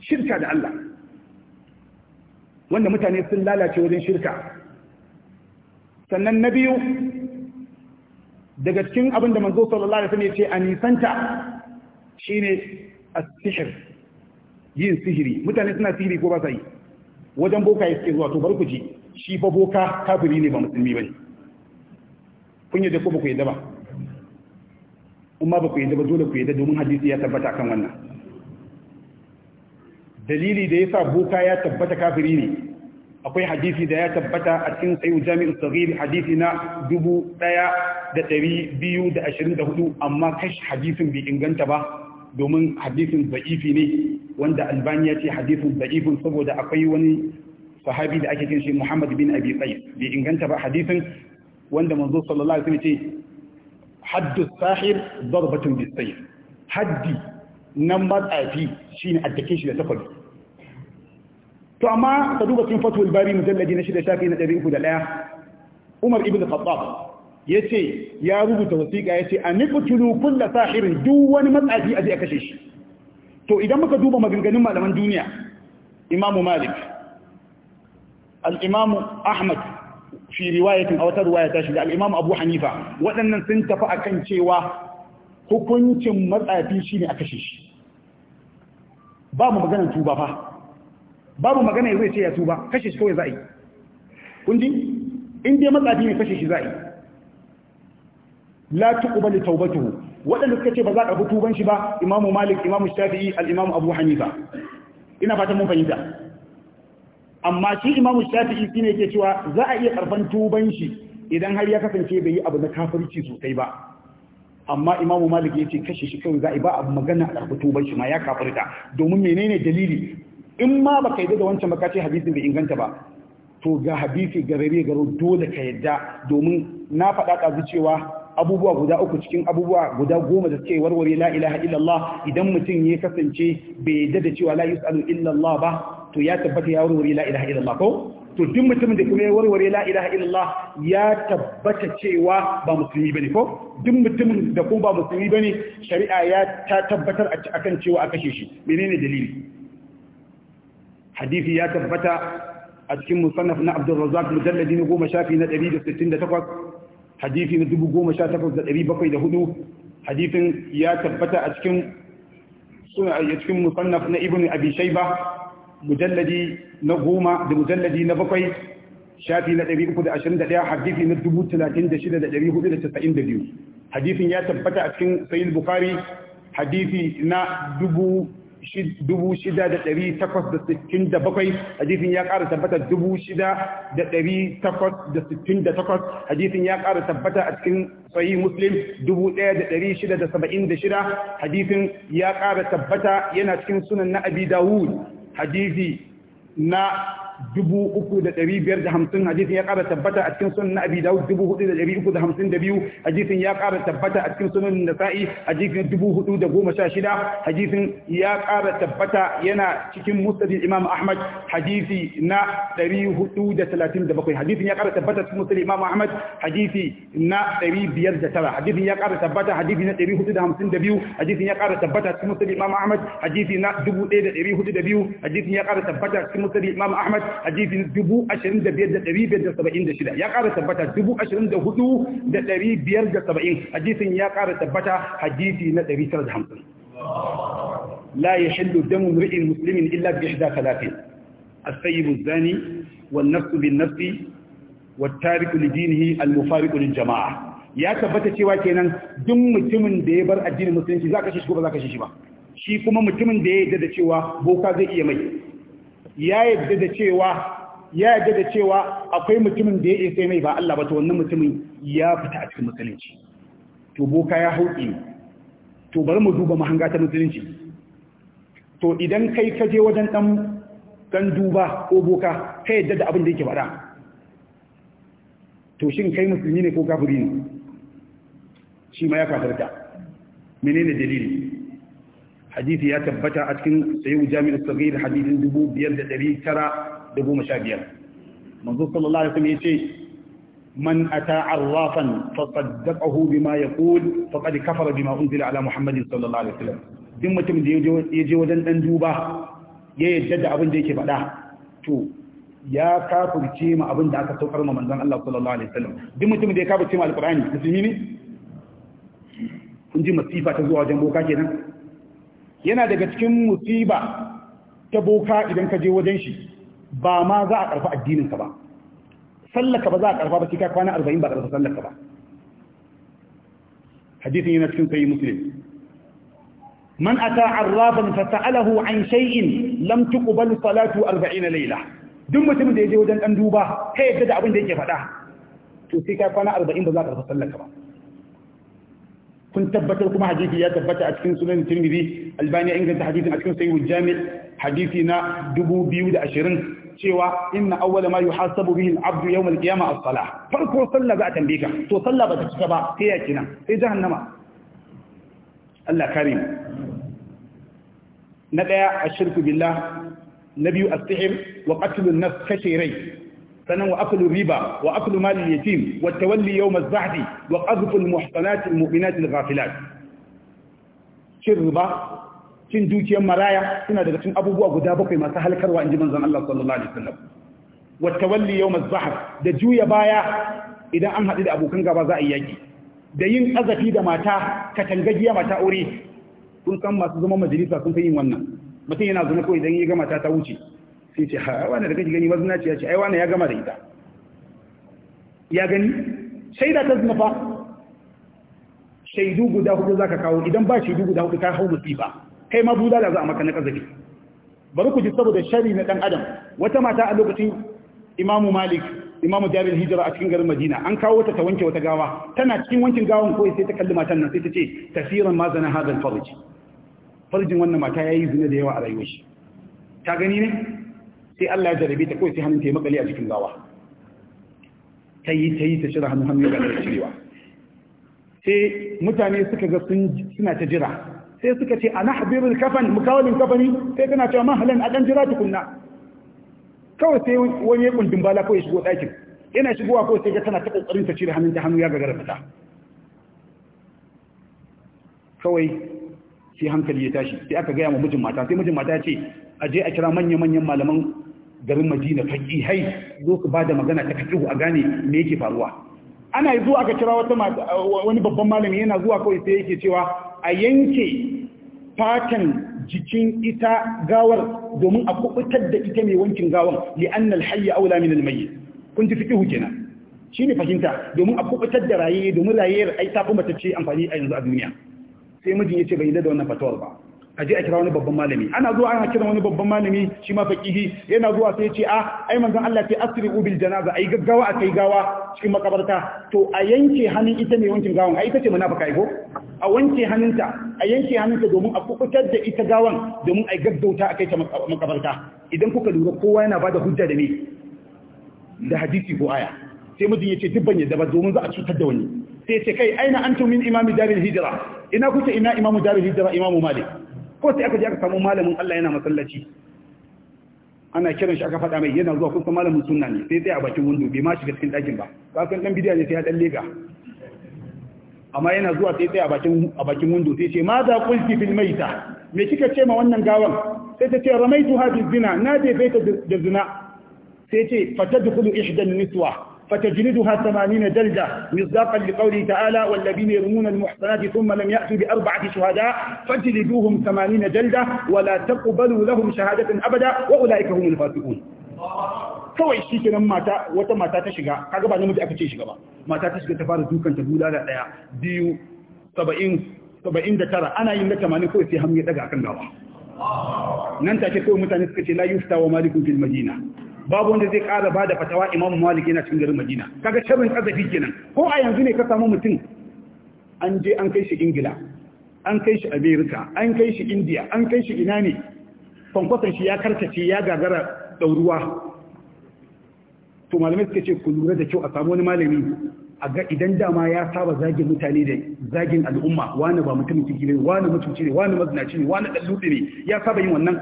shirka da Allah wanda mutane sun lalace wajen shirka sannan na biyu daga cikin abin da manzo sallallahu alaihi wasallam ya ce a nisanta shine as-sihr yin sihiri mutane suna sihiri ko ba sa yi wajen boka yake zuwa to bar ku ji shi fa boka kafiri ne ba musulmi bane kun yadda ko ba ku da ba kuma ba ku yadda ba dole ku yadda domin hadisi ya tabbata kan wannan dalili da yasa buka ya tabbata kafiri ne akwai hadisi da ya tabbata a cikin sayu jami'in saghir hadisi na da da biyu 1224 amma kash hadisin bai inganta ba domin hadisin da'ifi ne wanda albani ya ce hadisin da'ifin saboda akwai wani sahabi da ake shi Muhammad bin Abi Qais bai inganta ba hadisin wanda manzo sallallahu alaihi wasallam ce haddu sahir darbatun bisayf haddi nan matsafi shine addake shi da takobi to amma ka duba cikin fatul bari mujalladi na 6 shafi na 301 Umar ibn Khattab yace ya rubuta wasiƙa yace aniqtulu kullu sahirin duk wani matsafi aje a kashe shi to idan muka duba maganganun malaman duniya Imam Ahmad fi riwayatin a wata riwaya ta shiga al-Imam Abu Hanifa waɗannan sun tafi akan cewa hukuncin matsafi shine a kashe shi ba mu maganar tuba fa babu magana ya zai ce ya tuba kashe shi kawai za za'i kun ji in dai matsafi ne kashe shi za yi. la tuqbalu tawbatuhu waɗanda suka ce ba za ka bi tuban shi ba Imam Malik Imam Shafi'i al-Imam Abu Hanifa ina fatan mun fahimta amma shi imamu shafi'i shine yake cewa za a iya karban tuban shi idan har ya kasance bai yi abu na kafirci sosai ba amma imamu malik ce kashe shi kawai za a ba abu magana a karbi tuban shi ma ya kafirta domin menene dalili in ma baka yi da wancan baka ce hadisin bai inganta ba to ga hadisi garare garo dole ka yadda domin na faɗa ƙazu cewa abubuwa guda uku cikin abubuwa guda goma da suke warware la ilaha illallah idan mutum ya kasance bai yadda da cewa la yus'alu illallah ba to ya tabbata ya warware la ilaha illallah ko to duk mutumin da kuma ya warware la ilaha illallah ya tabbata cewa ba musulmi bane ko duk mutumin da kuma ba musulmi bane shari'a ya ta tabbatar akan cewa a kashe shi menene dalili hadisi ya tabbata a cikin musannaf na Abdul Razzaq mujalladi na 10 shafi na 168 hadisi na 18704 hadisin ya tabbata a cikin suna a cikin musannaf na ibn abi shayba mujalladi na goma da mujalladi na bakwai shafi na 321 hadisi na 36492 hadisin ya tabbata a cikin sahih bukhari hadisi na dubu 6,867 hadisin ya ƙara tabbata 6,868 hadisin ya ƙara tabbata a cikin sahih muslim 1,676 hadisin ya ƙara tabbata yana cikin sunan na abi dawud hadisi na dubu uku da ɗari biyar da hamsin hadisin ya ƙara tabbata a cikin sunan abi dawud dubu hudu da ɗari uku da hamsin da biyu hadisin ya ƙara tabbata a cikin sunan nasa'i hadisin dubu hudu da goma sha shida hadisin ya ƙara tabbata yana cikin musnadin imam ahmad hadisi na ɗari hudu da talatin da bakwai hadisin ya ƙara tabbata cikin musnadin imam ahmad hadisi na ɗari biyar da tara hadisin ya ƙara tabbata hadisi na ɗari hudu da hamsin da biyu hadisin ya ƙara tabbata cikin musnadin imam ahmad hadisi na dubu ɗaya da ɗari hudu da biyu hadisin ya ƙara tabbata cikin musnadin imam ahmad hadisin 25576 ya ƙara tabbata 24570 hadisin ya ƙara tabbata hadisi na 950 la yahillu damu imri'in musulmin illa bi ihda talatin. as-sayyib az-zani wan-nafsu bin-nafsi wat-tariku li-dinihi al-mufariqu lil-jama'a ya tabbata cewa kenan duk mutumin da ya bar addinin musulunci za ka shi ko ba za ka shi ba shi kuma mutumin da ya yarda da cewa boka zai iya mai ya yadda da cewa ya yadda da cewa akwai mutumin da ya isa mai ba Allah ba to wannan mutumin ya fita a cikin musulunci to boka ya hauki to bari mu duba mahanga ta musulunci to idan kai ka je wajen dan dan duba ko boka kai yadda da abin da yake bada to shin kai musulmi ne ko kafiri ne shi ma ya kafirta menene dalili hadisi ya tabbata a cikin sayi jami'ar sagir hadisin biyar. manzo sallallahu alaihi wasallam ya ce man ata arrafan fasaddaqahu bima yaqul faqad kafara bima unzila ala muhammadin sallallahu alaihi wasallam duk mutum da ya je wajen dan duba ya yadda da abin da yake faɗa to ya kafirce ma abin da aka saukar ma manzon Allah sallallahu alaihi wasallam duk mutum da ya kafirce ma alqur'ani musulmi ne kun ji masifa ta zuwa wajen boka kenan yana daga cikin musiba ta boka idan ka je wajen shi ba ma za a karfa addininka ba sallaka ba za a karfa ba sai ka kwana arba'in ba karfa sallaka ba hadisin yana cikin sahih muslim man a ata ta fasa'alahu an shay'in lam tuqbal salatu arba'ina layla duk mutumin da ya je wajen ɗan duba kai yadda da abin da yake faɗa to sai ka kwana arba'in ba za a karfa sallaka ba kun tabbatar kuma hadisi ya tabbata a cikin sunan tirmidhi albani ya inganta hadisin a cikin sahihul jami' hadisi na 2020 cewa inna awwala ma yuhasabu bihi al-'abdu yawm al-qiyamah as-salah farko sallah za ta tambaye ka to sallah ba ta cika ba sai ya kina sai jahannama Allah karim na daya ashirku billah na biyu as-sihr wa qatl an-nafs kashirai sannan wa aklu riba wa aklu malil yatim wa tawalli yawm az-zahdi wa qadhfu al-muhsanat al-mu'minat al-ghafilat cin riba cin dukiyar maraya suna daga cikin abubuwa guda bakwai masu halkarwa inji manzon Allah sallallahu alaihi wasallam wa tawalli yawm az-zahr da juya baya idan an haɗu da abokan gaba za a yi yaki da yin azafi da mata katangagiya mata aure kun san masu zama majalisa sun fi yin wannan mutum yana zama kawai idan ya ga mata ta wuce sai ce ha wani da kake gani mazinaci ya ce ai wani ya gama da ita ya gani shaida ta zina fa shaidu guda hudu zaka kawo idan ba shaidu guda hudu ka hau musiba kai ma da za a maka na kazaki. bari ku ji saboda shari na dan adam wata mata a lokacin imamu malik imamu jabir hijira a cikin garin madina an kawo ta ta wanke wata gawa tana cikin wankin gawan ko sai ta kalli matan nan sai ta ce tasirin ma zana hadal farji farjin wannan mata yayi zina da yawa a rayuwar shi ta gani ne sai Allah ya jarabe ta kawai sai hannun ta yi makali a cikin gawa ta yi ta yi ta cire hannu hannu da cirewa sai mutane suka ga suna ta jira sai suka ce ana habibul kafan mukawalin kafani sai tana cewa mahalan a ɗan jira tukunna kawai sai wani ya kundin bala kawai shigo ɗakin yana shigowa kawai sai ga tana ta ƙoƙarin ta cire hannun ta hannu ya gagara fita kawai sai hankali ya tashi sai aka gaya ma mijin mata sai mijin mata ya ce a je a kira manya-manyan malaman garin madina faƙi hai zo ku ba da magana ta faƙi a gane me yake faruwa ana zuwa aka kira wata wani babban malami yana zuwa kawai sai yake cewa a yanke fatan jikin ita gawar domin a kubutar da ita mai wankin gawar li'an hayy aula min mayyit kun ji fiqhu kenan shine fahimta domin a kubutar da raye domin raye ai ta fi mata ce amfani a yanzu a duniya sai mijin yace bai da wannan fatawar ba a je a kira wani babban malami ana zuwa ana kira wani babban malami shi ma faqihi yana zuwa sai ce a ah, ai manzon Allah sai asri'u bil janaza ai gaggawa a kai gawa cikin makabarta to a yanke hannun ita ne wankin gawan ai ita ce munafika ai ko a wanke hannunta a yanke hannunta domin a kubutar da ita gawan domin ai gaggauta a kai ta makabarta idan kuka lura kowa yana bada hujja da me da hadisi ko aya sai mutum ya ce dubban yadda ba domin za a cutar da wani sai ce kai aina antum min imami daril hijra ina kuce ina imamu daril hijra imamu malik ko sai aka je aka samu malamin Allah yana masallaci ana kiran shi aka faɗa mai yana zuwa kusa malamin sunna ne sai tsaye a bakin windo bai ma shiga cikin ɗakin ba kasan ɗan bidiya ne sai ya ɗan lega amma yana zuwa sai tsaye a bakin a bakin windo sai ce ma za ku kulki fil maita me kika ce ma wannan gawan sai ta ce ramaitu ha zina na dai baita da zina sai ce fatadkhulu ihdan niswa فتجلدها ثمانين جلدة مصداقا لقوله تعالى والذين يرمون المحصنات ثم لم يأتوا بأربعة شهداء فجلدوهم ثمانين جلدة ولا تقبلوا لهم شهادة أبدا وأولئك هم الفاسقون kawai shi kenan mata wata mata ta shiga kaga ba namiji aka ce shiga ba mata ta shiga ta fara dukan ta da daya biyu da tara, ana yin da tamanin kawai sai hannu ya daga akan gaba nan take kawai mutane suka ce la yufta wa malikun fil madina babu wanda zai ƙara bada fatawa imamu malik yana cikin garin madina kaga sharrin kazafi kenan ko a yanzu ne ka samu mutum an je an kai shi ingila an kai shi amerika an kai shi India, an kai shi ina ne fankwasan shi ya karkace ya gagara ɗauruwa to malamai suka ce ku lura da kyau a samu wani malami a ga idan dama ya saba zagin mutane da zagin al'umma wani ba mutumin ciki ne wani mutunci ne wani mazinaci ne wani ɗan ne ya saba yin wannan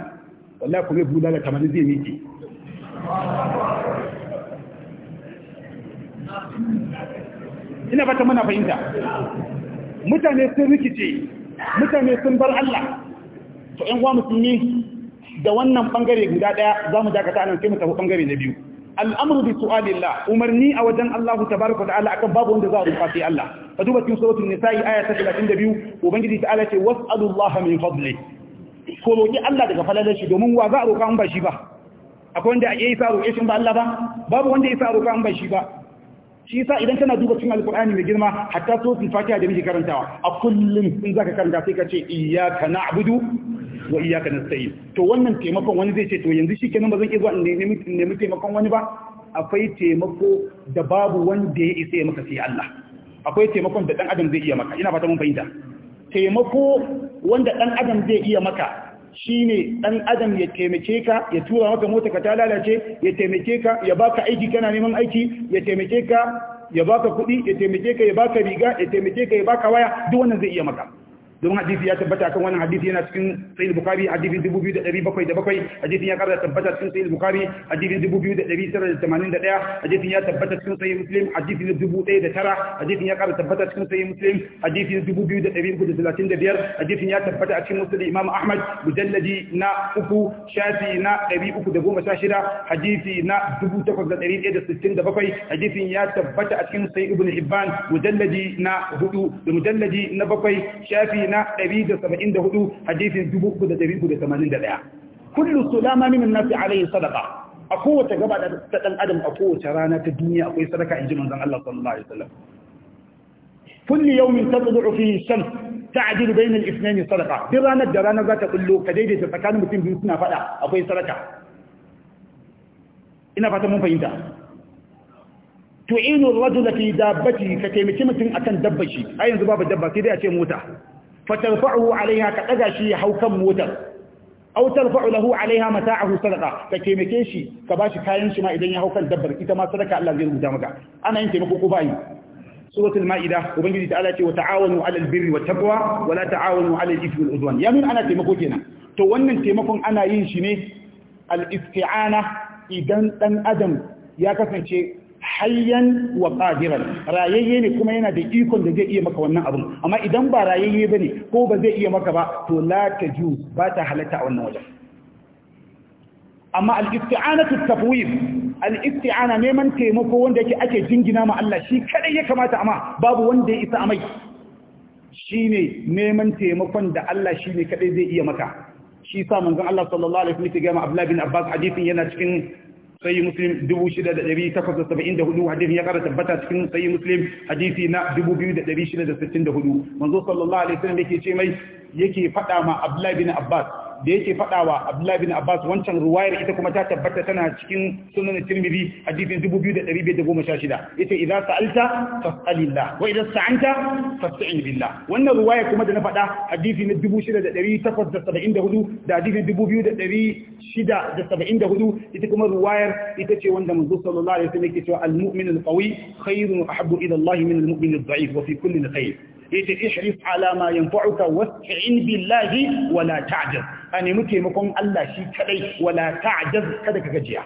wallahi kuma ya bulala mani zai miƙe ina bata muna fahimta mutane sun rikice mutane sun bar Allah to ƴan uwa musulmi da wannan bangare guda za mu dakata nan sai mu tafi bangare na biyu al'amru bi su'alillah umarni a wajen ta tabaraka ta'ala akan babu wanda za a rufa sai Allah ka duba cikin suratul nisa'i aya ta 32 ubangiji ta'ala ce was'alullaha min fadli ko roki Allah daga falalar shi domin wa za a roka an ba shi ba akwai wanda ya isa roƙe shi ba Allah ba babu wanda ya isa roƙa an ba shi ba shi yasa idan tana duba cikin alƙur'ani mai girma hatta sun fatiha da muke karantawa a kullum in zaka karanta sai ka ce iyyaka na'budu wa iyyaka nasta'in to wannan taimakon wani zai ce to yanzu shikenan ba zan iya zuwa nemi taimakon wani ba akwai taimako da babu wanda ya isa ya maka sai Allah akwai taimakon da dan adam zai iya maka ina fata mun fahimta taimako wanda dan adam zai iya maka Shi ne ɗan adam ya taimake ka ya tura maka mota ka ta lalace ya taimake ka ya baka aiki kana neman aiki ya taimake ka ya baka kuɗi ya taimake ka ya baka riga ya taimake ka ya baka waya duk wannan zai iya maka دون حديث يا تبتا كان وانا حديث ينا سكن في البخاري حديث دبو بيو دبي بكاي دبي حديث يا كذا تبتا سكن في البخاري حديث دبو بيو دبي سر الثمانين دقيقة حديث يا تبتا سكن في مسلم حديث دبو تي دشرة حديث يا كذا تبتا سكن في مسلم حديث دبو بيو دبي بكاي دلاتين دبير حديث يا تبتا سكن مسلم الإمام أحمد مجلدي نا أكو شاسي نا دبي أكو دبو مشاشرة حديث نا دبو تكوز دبي تي دستين دبي حديث يا تبتا سكن في ابن حبان مجلدي نا هو مجلدي نبكي شافي na 174 hadisin 3381 kullu sulama min an-nas alayhi sadaqa a kowace gaba ta dan adam a kowace rana ta duniya akwai sadaka inji manzon Allah sallallahu alaihi wasallam kullu yawmin tatlu'u fihi shams ta'dilu bayna al-ithnayn sadaqa duk ranar da ranar za ta kullu ka daidaita tsakanin mutum biyu suna fada akwai sadaka ina fata mun fahimta tu'inu ar-rajula fi dabbatihi ka taimaki mutum akan dabbar shi ai yanzu babu dabba sai dai a ce mota fatarfa'uhu alaiha ka daga shi ya hau kan motar aw tarfa'u lahu alaiha mata'ahu sadaqa ka taimake shi ka bashi kayan shi ma idan ya hau kan dabbar ita ma sadaka Allah zai rubuta maka ana yin taimako ko ba yi suratul ma'ida ubangiji ta Allah ce wa ta'awanu 'alal birri wat taqwa wa la ta'awanu 'alal ithmi wal udwan yamin ana taimako kenan to wannan taimakon ana yin shi ne al-isti'ana idan dan adam ya kasance hayyan wa qadiran rayayye ne kuma yana da ikon da zai iya maka wannan abun amma idan ba rayayye ne ko ba zai iya maka ba to la taju ba ta halatta a wannan wajen amma al-isti'anatu at-tafwid neman taimako wanda yake ake jingina ma Allah shi kadai ya kamata amma babu wanda ya isa amai ne neman taimakon da Allah ne kadai zai iya maka shi sa manzon Allah sallallahu alaihi wasallam ya ga Abbas hadisin yana cikin sai muslim 6874 hadisin ya kara tabbata cikin sai muslim hadisi na 2664 manzo sallallahu alaihi wasallam yake ce mai yake fada ma abdullahi bin abbas da yake fadawa Abdullah bin Abbas wancan ruwayar ita kuma ta tabbata tana cikin sunan Tirmidhi hadisin 2516 ita idza sa'alta fas'alillah wa idza sta'anta fasta'in billah wannan ruwaya kuma da na fada hadisi na 6874 da hadisin 2674 ita kuma ruwayar ita ce wanda manzo sallallahu alaihi wasallam yake cewa al-mu'min al-qawi khayrun ahabbu ila Allah min al-mu'min al-da'if wa fi kulli khair yace ihris ala ma yanfa'uka wasta'in billahi wala ta'jaz a nemi taimakon Allah shi kadai wala ta'jaz kada ka gajiya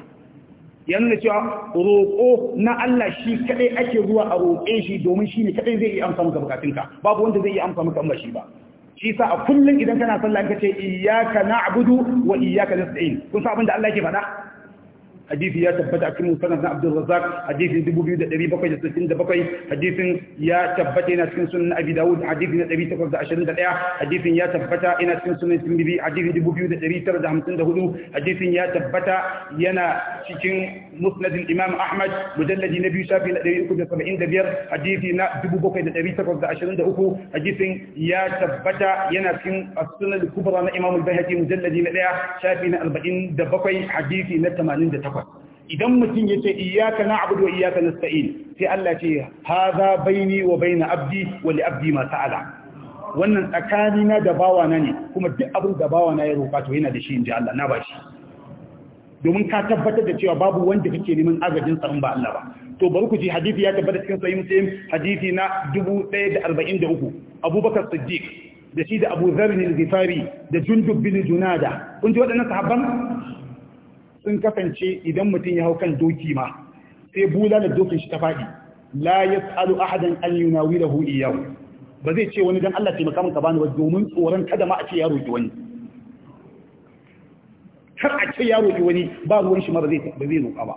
yanzu da cewa roƙo na Allah shi kadai ake zuwa a roƙe shi domin shi ne kadai zai iya amsa maka bukatunka babu wanda zai iya amsa maka amma shi ba shi sa a kullum idan kana sallah ka ce iyyaka na'budu wa iyyaka nasta'in kun san abin da Allah yake faɗa hadisi ya tabbata a cikin musnad na Abdul Razzaq hadisin 2767 hadisin ya tabbata yana cikin sunan Abi Dawud hadisin 821 hadisin ya tabbata yana cikin sunan Tirmidhi hadisin 2954 hadisin ya tabbata yana cikin musnad imam Ahmad mujalladi na biyu shafi na 375 hadisi na 2823 hadisin ya tabbata yana sunan al na Imam al-Baihaqi na 1 shafi na 47 hadisi na 88 idan mutum ya ce iyaka na abu wa iyaka na sai Allah ce haza baini wa baina abdi wali abdi masu ala, wannan tsakani na da na ne kuma duk abin da na ya roƙa to yana da shi inji Allah na ba shi domin ka tabbatar da cewa babu wanda kake neman agajin sa in ba Allah ba to bari ku ji hadisi ya tabbata cikin sahih muslim hadisi na 1043 Abubakar Siddiq da shi da Abu Zarin al-Ghifari da Jundub bin Junada kun ji waɗannan sahabban sun kasance idan mutum ya hau kan doki ma sai bula da dokin shi ta faɗi la ya yas'alu ahadan an yunawilahu yau. ba zai ce wani don Allah taimaka min ka bani ba domin tsoron kada ma a ce ya roƙi wani kar a ce ya roƙi wani ba ruwan shi ma ba zai roƙa ba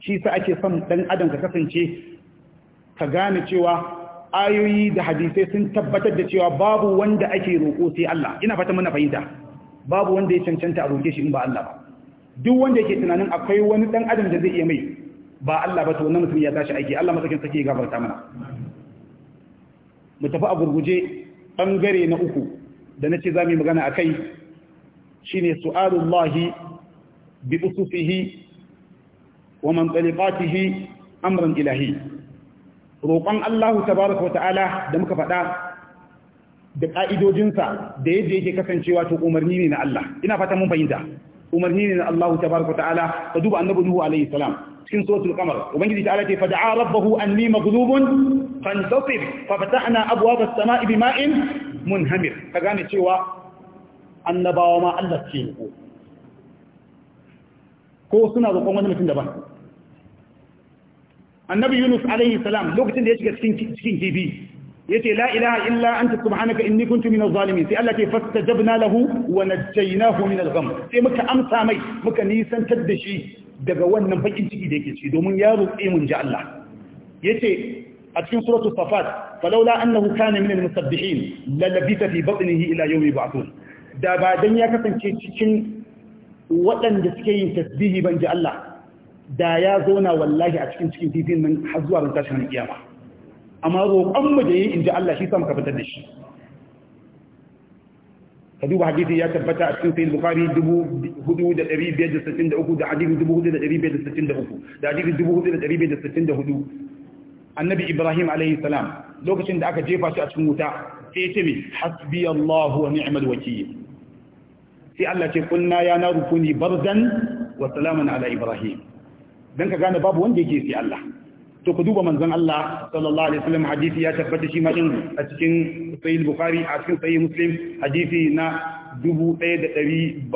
shi sa ake son dan adam ka kasance ka gane cewa ayoyi da hadisai sun tabbatar da cewa babu wanda ake roƙo sai Allah ina fata muna fahimta babu wanda ya cancanta a roke shi in ba Allah ba duk wanda yake tunanin akwai wani dan adam da zai iya mai ba Allah ba to wannan mutum ya tashi aiki Allah matsakin sake ya gafarta mana mu tafi a gurguje bangare na uku da nace za mu yi magana akai shine su'alullahi bi usufihi wa manṭaliqatihi amran ilahi roƙon Allah tabaraka wa ta'ala da muka faɗa da ka'idojinsa da yadda yake kasancewa to umarni ne na Allah ina fata mun fahimta umarni ne na Allah tabaraka ta'ala ka duba annabi Nuhu alaihi salam cikin suratul qamar ubangiji ta Allah ce fa da'a rabbahu anni maghlubun fantasib fa fatahna abwaab as-samaa'i bima'in munhamir ka gane cewa annabawa ma Allah ce ko ko suna roƙon wani mutum daban annabi Yunus alaihi salam lokacin da ya shiga cikin cikin kifi yace la ilaha illa anta subhanaka inni kuntu minaz zalimin sai Allah ke fastajabna lahu wa najjaynahu minal gham sai muka amsa mai muka nisantar da shi daga wannan bakin ciki da yake ci domin ya roƙe mun ji Allah yace a cikin suratul safat falawla annahu kana minal musabbihin lalabita fi batnihi ila yawmi ba'thun da ba dan ya kasance cikin waɗanda suke yin tasbihi ban ji Allah da ya zauna wallahi a cikin cikin titin nan har zuwa ban tashin kiyama amma roƙon mu da yi inji Allah shi samu muka fitar da shi ka duba hadisi ya tabbata a cikin sayyid bukhari 4563 da hadisi 4563 da hadisi 4564 annabi ibrahim alayhi salam lokacin da aka jefa shi a cikin wuta sai ce mi hasbi allah wa ni'mal wakeel sai Allah ce kunna ya na rufuni barzan wa salaman ala ibrahim dan ka gane babu wanda yake sai Allah to ku duba manzon Allah sallallahu alaihi wasallam hadisi ya tabbata shi ma din a cikin sahih bukhari a cikin sahih muslim hadisi na 1763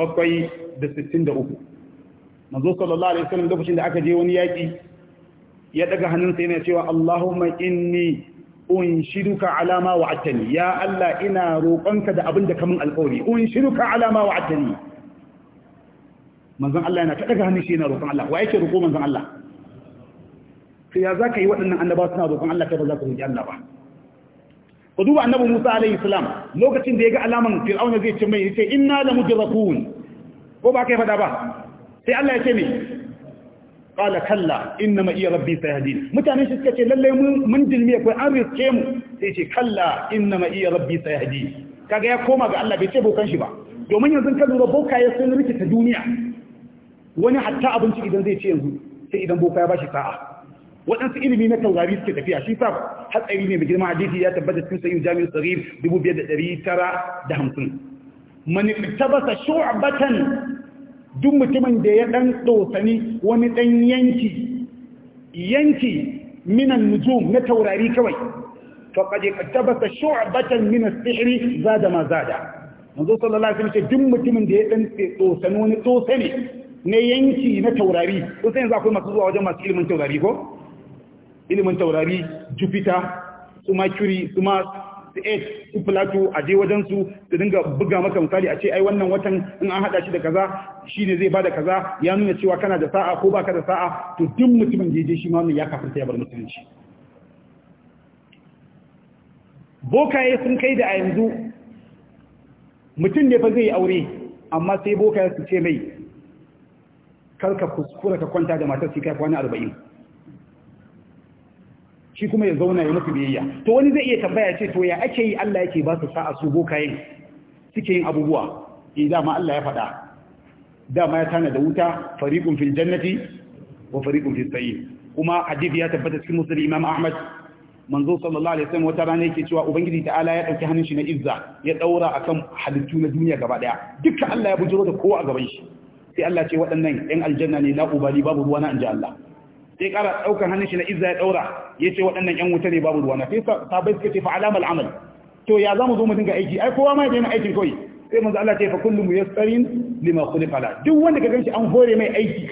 manzo sallallahu alaihi wasallam lokacin da aka je wani yaki ya daga hannunsa yana cewa Allahumma inni unshiduka ala ma wa'adtani ya Allah ina roƙonka da abinda kamun alƙawari unshiduka ala ma wa'adtani manzon Allah yana ta daga hannun shi yana roƙon Allah wa yake roƙo manzon Allah to ya zaka yi waɗannan annaba suna roƙon Allah kai ba za ka roƙi Allah ba ku duba annabi Musa alayhi salam lokacin da ya ga alaman Fir'auna zai ce mai yace inna la mudrakun ko ba kai fada ba sai Allah ya ce ne qala kalla inna ma iya rabbi sayahdin mutane shi suka ce lalle mun mun akwai an riske mu sai ce kalla inna ma iya rabbi sayahdin kaga ya koma ga Allah bai ce bokan shi ba domin yanzu ka lura bokaye sun rikita duniya wani hatta abinci idan zai ce yanzu sai idan boka ya bashi sa'a waɗansu ilimi na taurari suke tafiya shi sa hatsari ne mai girma hadisi ya tabbata cikin sayin jami'in sarir 5,950 maniftabasa shu'abatan duk mutumin da ya dan ɗosani wani dan yanki yanki minan nujum na taurari kawai To faƙaɗe tabasa shu'abatan minan sihiri zada ma zada manzo sallallahu alaihi wasallam duk mutumin da ya dan ɗosani wani ɗosani na yanki na taurari kusa yanzu akwai masu zuwa wajen masu ilimin taurari ko ilimin taurari jupiter su mercury su mars su eight su plato a je wajen su su dinga buga maka misali a ce ai wannan watan in an hada shi da kaza shi ne zai bada kaza ya nuna cewa kana da sa'a ko baka da sa'a to duk mutumin da je shi ma ya kafirta ya bar musulunci bokaye sun kai da a yanzu mutum ne fa zai yi aure amma sai bokaye su ce mai ka kuskura ka kwanta da matar sai kai kwana arba'in shi kuma ya zauna ya musu biyayya to wani zai iya tambaya ce to ya ake yi Allah yake ba su sa'a su bokaye suke yin abubuwa eh dama Allah ya faɗa dama ya tana da wuta fariqun fil jannati wa fariqun fis sa'ir kuma hadisi ya tabbata cikin muslim Imam Ahmad manzo sallallahu alaihi wasallam wata rana yake cewa ubangiji ta'ala ya dauki hannun shi na izza ya daura akan halittu na duniya gaba daya dukkan Allah ya bujiro da kowa a gaban shi sai Allah ce waɗannan ɗan aljanna ne la ubali babu ruwana anja Allah sai kara daukar hannun shi na izza ya daura ya ce waɗannan ƴan wuta ne babu ruwa ruwana sai sabai suka ce fa alamal amal to ya zamu zo mu dinga aiki ai kowa ma ya daina aikin kai sai manzo Allah ya ce fa kullu muyassarin lima khuliqa la duk wanda ka ganshi an hore mai aiki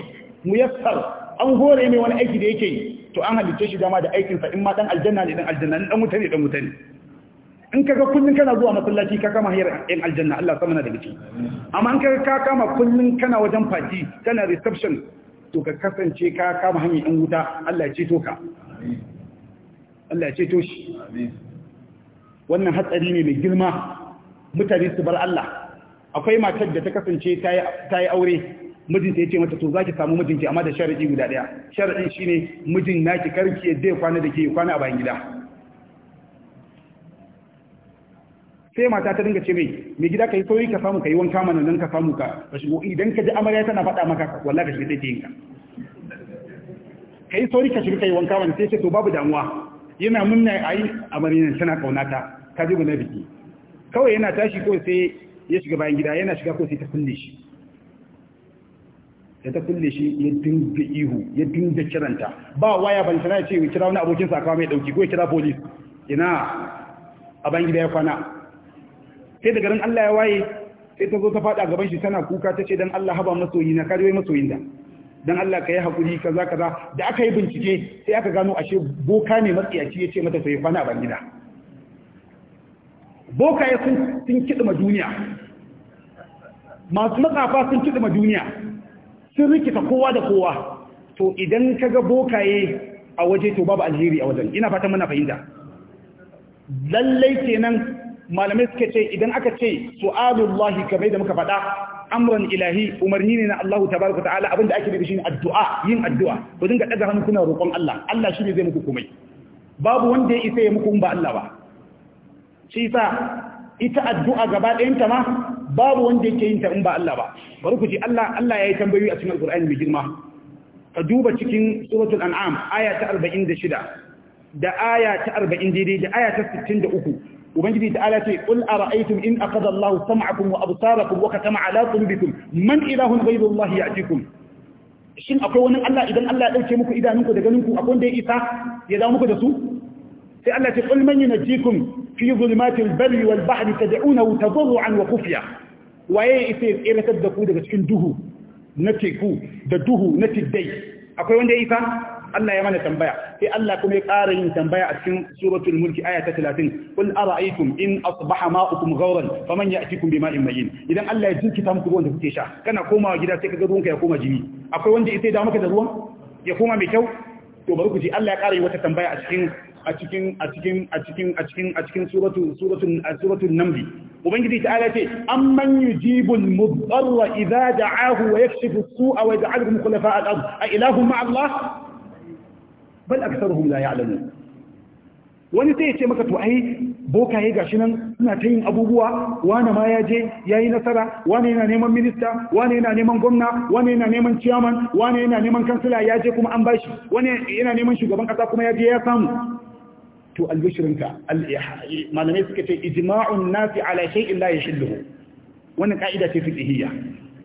muyassar an hore mai wani aiki da yake yi to an halicce shi dama da aikin sa in ma dan aljanna ne dan aljanna dan wuta ne dan wuta ne in kaga kullun kana zuwa masallaci ka kama hira in aljanna Allah sama na da gici amma in kaga ka kama kullun kana wajen fati kana reception to ka kasance ka kama hanyar ɗan wuta Allah ce to Allah ce to shi wannan hatsari ne mai girma mutane su bar Allah akwai matar da ta kasance ta yi aure mijinta ya ce mata to za ki samu mijinki amma da sharaɗi guda ɗaya sharaɗin shi ne mijin naki karki ya kwana da ke kwana a bayan gida sai mata ta dinga ce mai mai gida kai sauri ka samu kai wanka mana nan ka samu ka shigo idan ka ji amarya tana faɗa maka wallahi ka shiga take yinka kai sauri ka shiga kai wanka mana sai ce to babu damuwa yana munna ai amarya tana kaunata ka ji na biki kawai yana tashi ko sai ya shiga bayan gida yana shiga ko sai ta kulle shi da ta kulle shi ya dinga ihu ya dinga kiranta ba waya ban sana ya ce kira wani abokin sa kawo mai dauki ko ya kira police ina a bayan gida ya kwana sai daga ran Allah ya waye sai ta zo ta fada gaban shi tana kuka ta ce dan Allah haba masoyi na kariyoyi masoyin da dan Allah ka yi hakuri kaza kaza da aka yi bincike sai aka gano ashe boka ne matsiyaci yace ce mata sai fana ban gida boka ya sun sun kidima duniya masu matsafa sun kidima duniya sun rikita kowa da kowa to idan kaga bokaye a waje to babu alheri a wajen ina fatan muna fahimta lallai kenan malamai suka ce idan aka ce su'alullahi kamar da muka faɗa amran ilahi umarni ne na Allah tabaraka ta'ala abinda ake nufi shine addu'a yin addu'a ku dinga daga hannu kuna roƙon Allah Allah ne zai muku komai babu wanda ya isa ya muku ba Allah ba shi yasa ita addu'a gaba ɗayan ta ma babu wanda yake yin ta in ba Allah ba bari ku ji Allah Allah yayi tambayoyi a cikin Al-Qur'ani mai girma ka duba cikin suratul an'am aya ta 46 da aya ta 40 daidai da aya ta 63 ubangiji ala ce qul ara'aytum in akhadha Allahu sam'akum wa absarakum wa katama ala qulubikum man ilahun ghayru Allah ya'tikum shin akwai wani Allah idan Allah ya dauke muku idanunku da ganinku akwai wanda ya isa ya dawo muku da su sai Allah ce qul man yunjikum fi dhulumatil barri wal bahri tad'unahu tadarruan wa khufiya waye isa ya tsere da ku daga cikin duhu na teku da duhu na tiddai akwai wanda ya isa Allah ya mana tambaya sai Allah kuma ya ƙara yin tambaya a cikin suratul mulki aya ta 30 kul ara'aykum in asbaha ma'ukum ghawran faman ya'tikum bima'in mayin idan Allah ya jinkita muku ruwan da kuke sha kana komawa gida sai kaga ruwanka ya koma jini akwai wanda ita da maka da ruwan ya koma mai kyau to bari ku ji Allah ya ƙara yi wata tambaya a cikin a cikin a cikin a cikin a cikin a cikin suratul suratul suratul naml ubangiji ta'ala ce amman yujibul mudarra idza da'ahu wa yakshifu as-su'a wa yaj'alukum khulafa'a al-ard a ilahu ma Allah bal aktsaruhum la ya'lamun wani sai ya ce maka to ai bokaye gashi nan suna ta yin abubuwa wani ma ya je ya yi nasara wani yana neman minista wani yana neman gwamna wani yana neman ciyaman wani yana neman kansila ya je kuma an bashi wani yana neman shugaban kasa kuma ya je ya samu to albishirinka malamai suka ce ijma'un nasi ala shay'in la yashilluhu wannan ka'ida ce fiqhiyya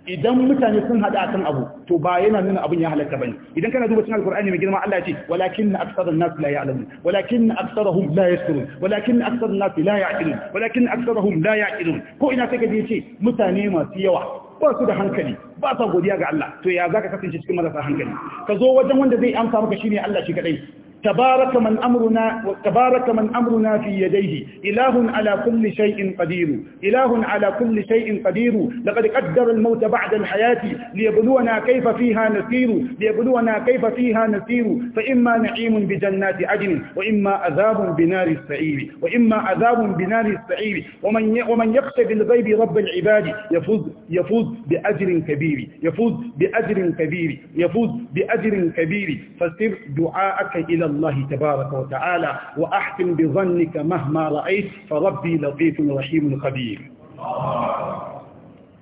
idan mutane sun a kan abu to ba yana nuna abin ya halaka bane idan kana duba cikin alqur'ani mai girma Allah ya ce walakin na aktharun nas la alamu. walakin na aktharuhum la suru. walakin na aktharun nas la ya'qilun walakin na aktharuhum la ya'qilun ko ina sai kaji ya ce mutane masu yawa ba su da hankali ba sa godiya ga Allah to ya za ka kasance cikin marasa hankali ka zo wajen wanda zai amsa maka shine Allah shi kaɗai. تبارك من أمرنا وتبارك من أمرنا في يديه إله على كل شيء قدير إله على كل شيء قدير لقد قدر الموت بعد الحياة ليبلونا كيف فيها نسير ليبلونا كيف فيها نسير فإما نعيم بجنات عدن وإما عذاب بنار السعير وإما عذاب بنار السعير ومن ومن يخشى بالغيب رب العباد يفوز يفوز بأجر كبير يفوز بأجر كبير يفوز بأجر كبير فسر دعاءك إلى الله تبارك وتعالى وأحكم بظنك مهما رأيت فربي لطيف رحيم خبير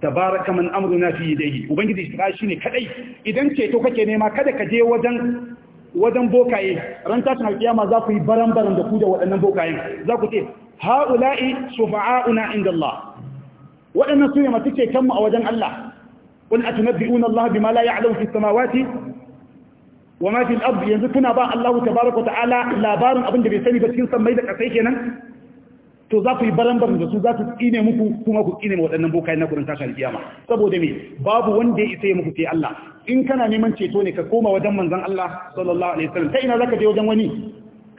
tabaraka man amruna fi yadayhi ubangiji shi shine kadai idan ceto kake nema kada ka wajen wajen bokaye ran tashin alkiyama za ku yi baran-baran da ku da waɗannan bokayen za ku ce ha'ula'i shufa'a'una inda Allah waɗannan su ne masu cetonmu a wajen Allah wani a tunabbi'una Allah bi ma la ya'lamu fi samawati wa ma fil ard yanzu kuna ba Allah tabaaraka ta'ala labarin abin da bai sani ba cikin sammai da kasai kenan to za ku yi barambar da su za ku tsine muku kuma ku tsine waɗannan bokaye na gurin tashin kiyama saboda me babu wanda ya isa ya muku sai Allah in kana neman ceto ne ka koma wajen manzon Allah sallallahu alaihi wasallam ta ina zaka je wajen wani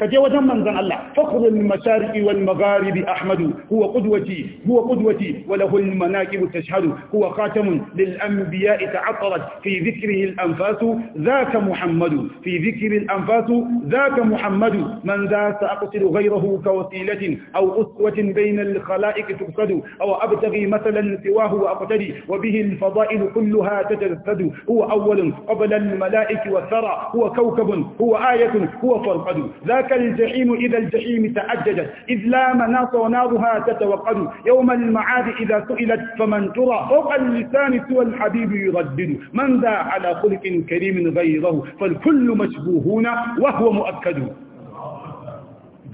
kaje wajen manzon Allah fakhrul mashariqi wal magharibi ahmadu huwa qudwati huwa qudwati wa lahu al manaqib tashhadu huwa khatamun lil anbiya'i ta'attarat fi dhikrihi al anfasu dhaka muhammadu fi dhikri al anfasu dhaka muhammadu man za sa'qsilu ghayrahu ka wasilatin aw uswatin bayna al khalaiq tuqsadu aw abtaghi mathalan siwahu wa aqtadi wa bihi al fada'il kulluha tatajassadu huwa awwalun qabla al malaa'ik wa thara huwa kawkabun huwa ayatun huwa farqadu dhaka ذاك الجحيم إذا الجحيم تعججت إذ لا مناص ونارها تتوقد يوم المعاد إذا سئلت فمن ترى فوق اللسان سوى الحبيب يردد من ذا على خلق كريم غيره فالكل مشبوهون وهو مؤكد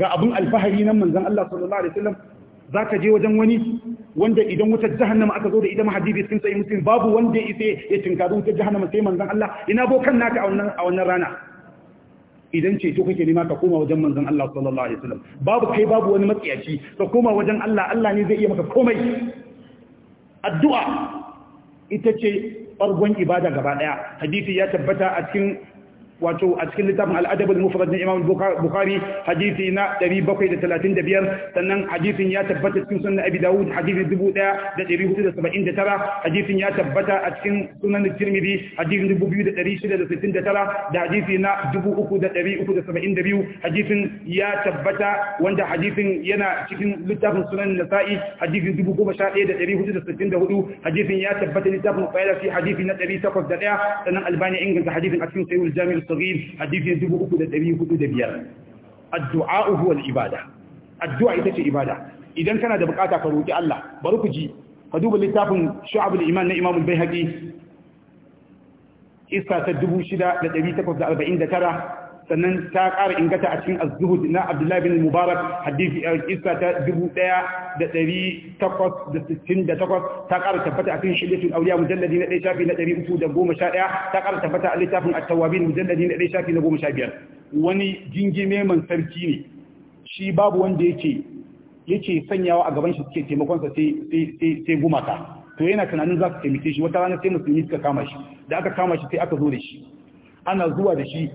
ga abun alfahari nan manzon Allah sallallahu alaihi wasallam zaka je wajen wani wanda idan wutar jahannama aka zo da idan hadisi cikin sai muslim babu wanda ya ise ya tinkari wutar jahannama sai manzon Allah ina bokan naka a wannan a wannan rana idan ceto kake nema ka koma wajen manzon Allah sallallahu alaihi wasallam babu kai babu wani matsiyaci ka koma wajen Allah Allah ne zai iya maka komai addu'a ita ce ɓargon ibada gaba ɗaya hadisi ya tabbata a cikin wato a cikin littafin al'adabul mufrad na Imam Bukhari hadisi na 735 sannan hadisin ya tabbata cikin sunan Abi Dawud hadisi 1479 hadisin ya tabbata a cikin sunan Tirmidhi hadisi 2669 da hadisi na 3372 hadisin ya tabbata wanda hadisin yana cikin littafin sunan Nasa'i hadisi 11464 hadisin ya tabbata littafin Qiyas hadisi na 801 sannan Albani inganta hadisin a cikin Sahih al saghir hadisi 3405 addu'a huwa al-ibada addu'a ita ce ibada idan kana da bukata ka roki Allah bari ku ji ka duba littafin shu'abul iman na Imam al-Baihaqi iska ta 6849 sannan ta ƙara ingata a cikin az-zuhud na Abdullah bin Mubarak hadisi eh, isa ta 1868 ta ƙara tabbata a cikin shiddatul awliya mujalladi na ɗaya shafi na 311 ta ƙara tabbata a littafin at-tawabin mujalladi na ɗaya shafi na 15 wani jingime man sarki ne shi babu wanda yake yake sanyawa a gaban shi suke taimakon sa sai sai gumaka to yana tunanin za su taimake shi wata rana sai musulmi suka kama shi da aka kama shi sai aka zo da shi ana zuwa da shi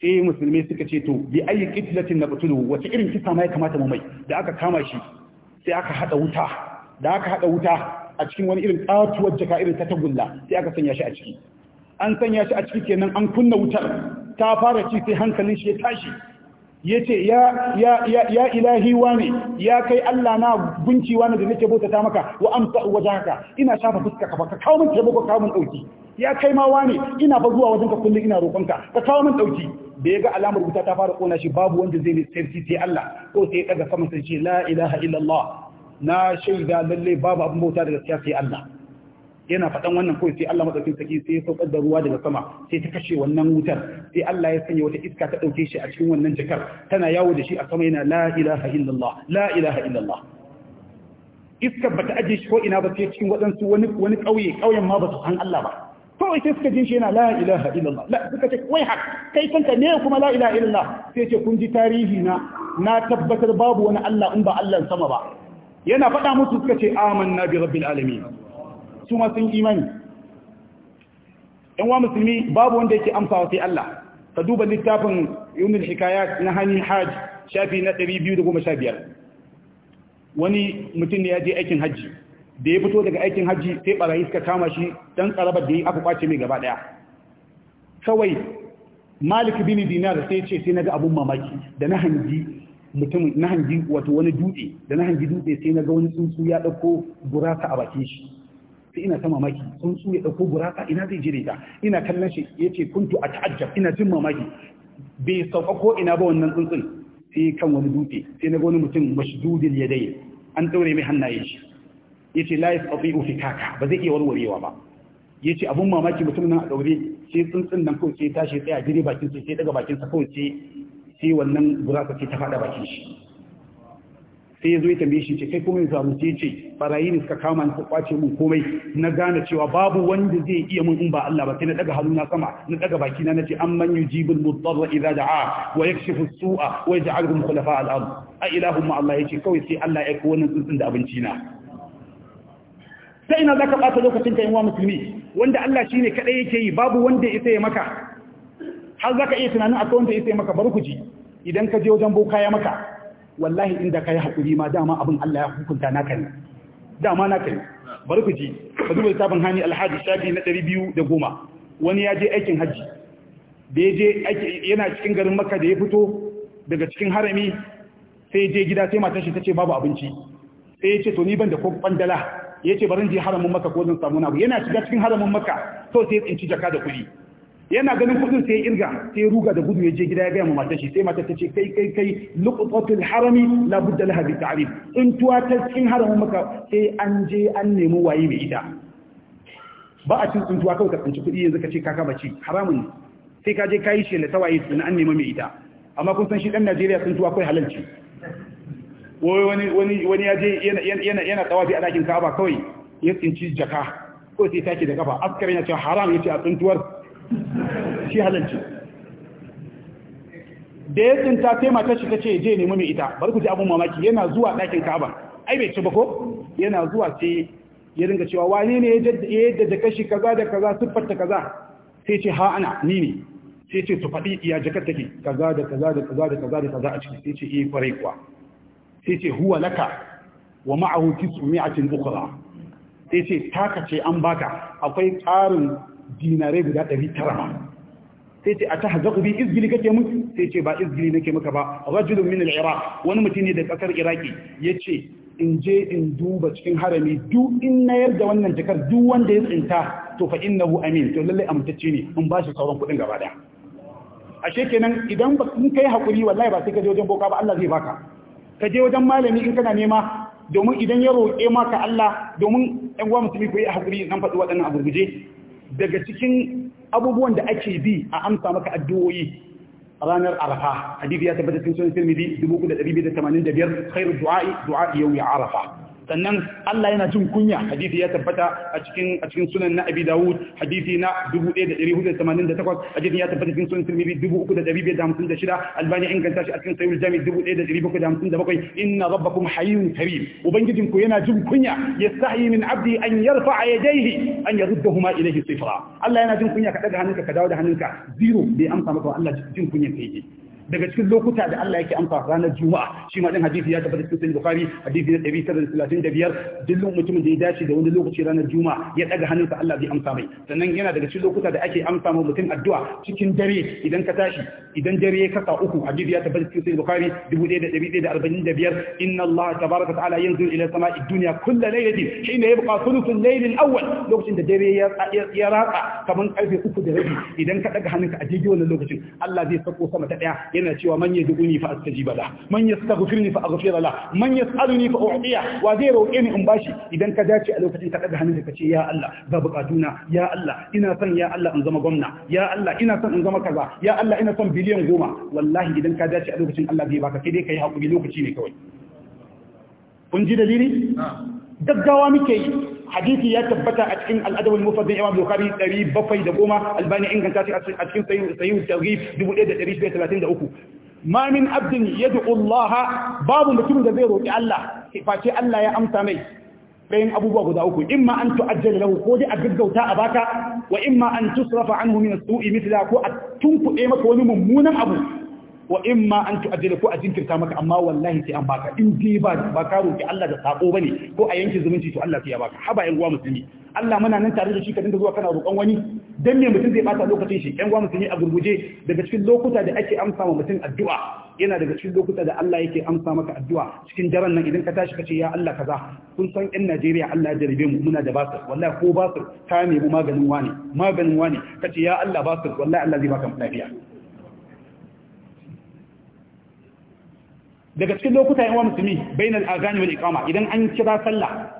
sai musulmi suka ce to bi ayi na nabtulu wace irin kisa ma ya kamata mu mai da aka kama shi sai aka hada wuta da aka hada wuta a cikin wani irin katuwar jaka irin ta tagulla sai aka sanya shi a ciki an sanya shi a ciki kenan an kunna wutar ta fara ci sai hankalin shi ya tashi ya ce ya ilahi ne ya kai Allah na gunci ne da nake bautata maka wa wajen wajenka ina shafa fuska ka ka kawo min taimako kawo min dauki ya kai ma wane ina ba zuwa ka kullum ina roƙonka ka kawo min dauki da ya ga alamar wuta ta fara kona shi babu wanda zai sarki sai Allah ko sai daga sama sai ce la ilaha illallah na shaida lalle babu abin bauta da gaskiya sai Allah yana faɗan wannan kawai sai Allah madaukakin sarki sai ya saukar da ruwa daga sama sai ta kashe wannan wutar sai Allah ya sanya wata iska ta dauke shi a cikin wannan jakar tana yawo da shi a sama yana la ilaha illallah la ilaha illallah iskar bata aje shi ko ina ba sai cikin wadansu wani wani kauye kauyen ma ba su san Allah ba kawai sai suka jin shi yana la ilaha illallah la suka ce wai hak kai kanka ne kuma la ilaha illallah sai ce kun ji tarihi na na tabbatar babu wani Allah in ba Allah sama ba yana faɗa musu suka ce amanna bi rabbil alamin su ma sun imani yan wa musulmi babu wanda yake wa sai Allah ka duba littafin yunin hikayat na hannun hajj shafi na 215 wani mutum ne ya je aikin hajji da ya fito daga aikin hajji sai barayi suka kama shi don tsarabar da yi aka kwace mai gaba daya kawai malik bin dinar sai ce sai naga abun mamaki da na hangi mutum na hangi wato wani dutse da na hangi dutse sai naga wani tsuntsu ya dauko gurasa a bakin shi sai ina ta mamaki su ya dauko buraka ina zai jire ta ina kallon shi yace kuntu a ta'ajjab ina jin mamaki bai sauka ko ina ba wannan tsuntsun sai kan wani dutse sai na wani mutum ya yadai an daure mai hannaye shi yace la fi kaka ba zai iya warwarewa ba yace abun mamaki mutum nan a daure sai tsuntsun nan kawai sai tashi tsaya jire bakin sai daga bakin sa kawai sai wannan buraka sai ta fada bakin shi sai ya zo ya tambaye shi ce kai kuma yanzu mutum ce barayi ne suka kama ni su kwace mun komai na gane cewa babu wanda zai iya mun in ba Allah ba sai na daga hannu sama na daga baki na nace amman yujibul mudarra idza da'a wa yakshifu su'a wa yaj'aluhum khulafa al-ard a ilahu ma Allah yace kawai sai Allah ya kawo wannan tsuntsun da abinci na sai ina zaka bata lokacin ka wa musulmi wanda Allah shine kadai yake yi babu wanda ya sai maka har zaka iya tunanin akwai wanda ya sai maka ku ji idan ka je wajen boka ya maka wallahi inda kai hakuri ma dama abin Allah ya hukunta naka ne dama naka ne bari ku ji ka duba littafin hani alhaji shafi na 210 wani ya je aikin haji da ya je yana cikin garin makka da ya fito daga cikin harami sai je gida sai matar shi tace babu abinci sai ya ce to ni ban da ko bandala ya ce bari je haramin makka ko zan samu na yana shiga cikin haramin makka to sai ya tsinci jaka da kuɗi yana ganin kudin sai ya irga sai ya ruga da gudu ya je gida ya gaya ma matar shi sai matar ta ce kai kai kai luqatul harami la budda laha bi ta'rif in tuwa ta cikin haramun maka sai an je an nemi waye mai ita ba a cin tuwa kawai ka tsinci kudi yanzu ka ce kaka bace haramun ne sai ka je kai shi ta waye sun an nemi mai ita amma kun san shi dan Najeriya tuwa kai halalci wani wani wani ya je yana yana yana tawafi a dakin Ka'aba kawai ya tsinci jaka ko sai take da kafa askari yana cewa haram yace a tsintuwar [laughs] shi halalci da ya tsinta sai shi ta ce je nemi mai ita bari ku ji abin mamaki yana zuwa ɗakin ka'aba ai bai ci ba ko yana zuwa sai ya ringa cewa wane ne ya yadda da kashi kaza da kaza siffarta kaza sai ce ha ana ni ne sai ce su faɗi iya jakar take kaza da kaza da kaza da kaza da kaza a ciki sai ce iya eh, kwarai kuwa sai ce huwa laka wa ma'ahu kisu mi'atin ukhra sai ce taka ce an baka akwai ƙarin dinare guda ɗari tara ma sai ce a ta hazaku bi izgili kake mun sai ce ba izgili nake maka ba rajulun min al-iraq wani mutum ne da kasar iraki yace in je in duba cikin harami duk in na yarda wannan jakar duk wanda ya tsinta to fa innahu amin to lalle amtacce ne in ba shi sauran kuɗin gaba daya ashe kenan idan ba kun kai hakuri wallahi ba sai ka je wajen boka ba Allah zai baka ka je wajen malami in kana nema domin idan ya roƙe maka Allah domin ɗan uwa mutumi ku yi hakuri in an faɗi waɗannan a gurguje daga cikin abubuwan da ake bi a amsa maka addu'o'i ranar arafa hadisi ya tabbata cikin sunan tirmidhi 3285 khairu du'a'i du'a'i yawmi arafa sannan Allah yana jin kunya hadisi ya tabbata a cikin a cikin sunan na Abi Dawud hadisi na 1488 hadisi ya tabbata cikin sunan Tirmidhi 3556 Albani inganta shi a cikin Sahih al-Jami 1757 inna rabbakum hayyun karim ubangijin ku yana jin kunya yastahi min abdi an yarfa yadayhi an yaruddahuma ilayhi sifra Allah yana jin kunya ka daga hannunka ka dawo da hannunka zero bai amsa maka Allah jin kunya kai daga cikin lokuta da Allah yake amsa ranar juma'a shi ma din hadisi ya tabbata cikin sahih bukhari hadisi na 935 duk mutumin da ya dace da wani lokaci ranar juma'a ya daga hannunsa Allah zai amsa mai sannan yana daga cikin lokuta da ake amsa ma mutum addu'a cikin dare idan ka tashi idan dare ya kasa uku hadisi ya tabbata cikin sahih bukhari 1145 inna Allah tabaraka ta'ala yanzu ila sama'i dunya kullu laylatin hina yabqa thuluth al-layl al-awwal lokacin da dare ya ratsa kaman karfe uku da rabi idan ka daga hannunka a daidai wannan lokacin Allah zai sako sama ta daya yana cewa man yad'uni fa astajiba la man yastaghfirni fa aghfir la man yas'aluni fa u'tiya wa zai roƙe ni in bashi idan ka dace a lokacin ka daga hannunka ka ce ya Allah ga bukatuna ya Allah ina son ya Allah in zama gwamna ya Allah ina son in zama kaza ya Allah ina son biliyan goma wallahi idan ka dace a lokacin Allah zai baka sai dai kai hakuri lokaci ne kawai kun ji dalili gaggawa muke yi hadisi ya tabbata a cikin al'adab al-mufrad Imam Bukhari 710 Albani inganta shi a cikin sahih targhib 1933 ma min abdin yad'u Allah babu mutum da zai roki Allah face Allah ya amsa mai bayan abubuwa guda uku imma an tu'ajjala lahu ko dai a gaggauta a baka wa imma an tusrafa anhu min as-su'i mithla ko a tunkuɗe maka wani mummunan abu wa in ma an tu'ajjala ko a jinkirta maka amma wallahi sai an baka in dai ba ba ka roki Allah da sako bane ko a yanke zumunci to Allah sai ya baka haba yan uwa musulmi Allah muna nan tare da shi ka dinga zuwa kana roƙon wani dan me mutum zai bata lokacin shi yan uwa musulmi a gurguje daga cikin lokuta da ake amsa ma mutum addu'a yana daga cikin lokuta da Allah yake amsa maka addu'a cikin daren nan idan ka tashi ka ce ya Allah kaza kun san yan Najeriya Allah ya jarabe mu muna da basir wallahi ko basir ta nemi maganin wani maganin wani ka ce ya Allah basir wallahi Allah zai baka lafiya daga cikin lokuta yan musulmi bainal azani wal iqama idan an kira sallah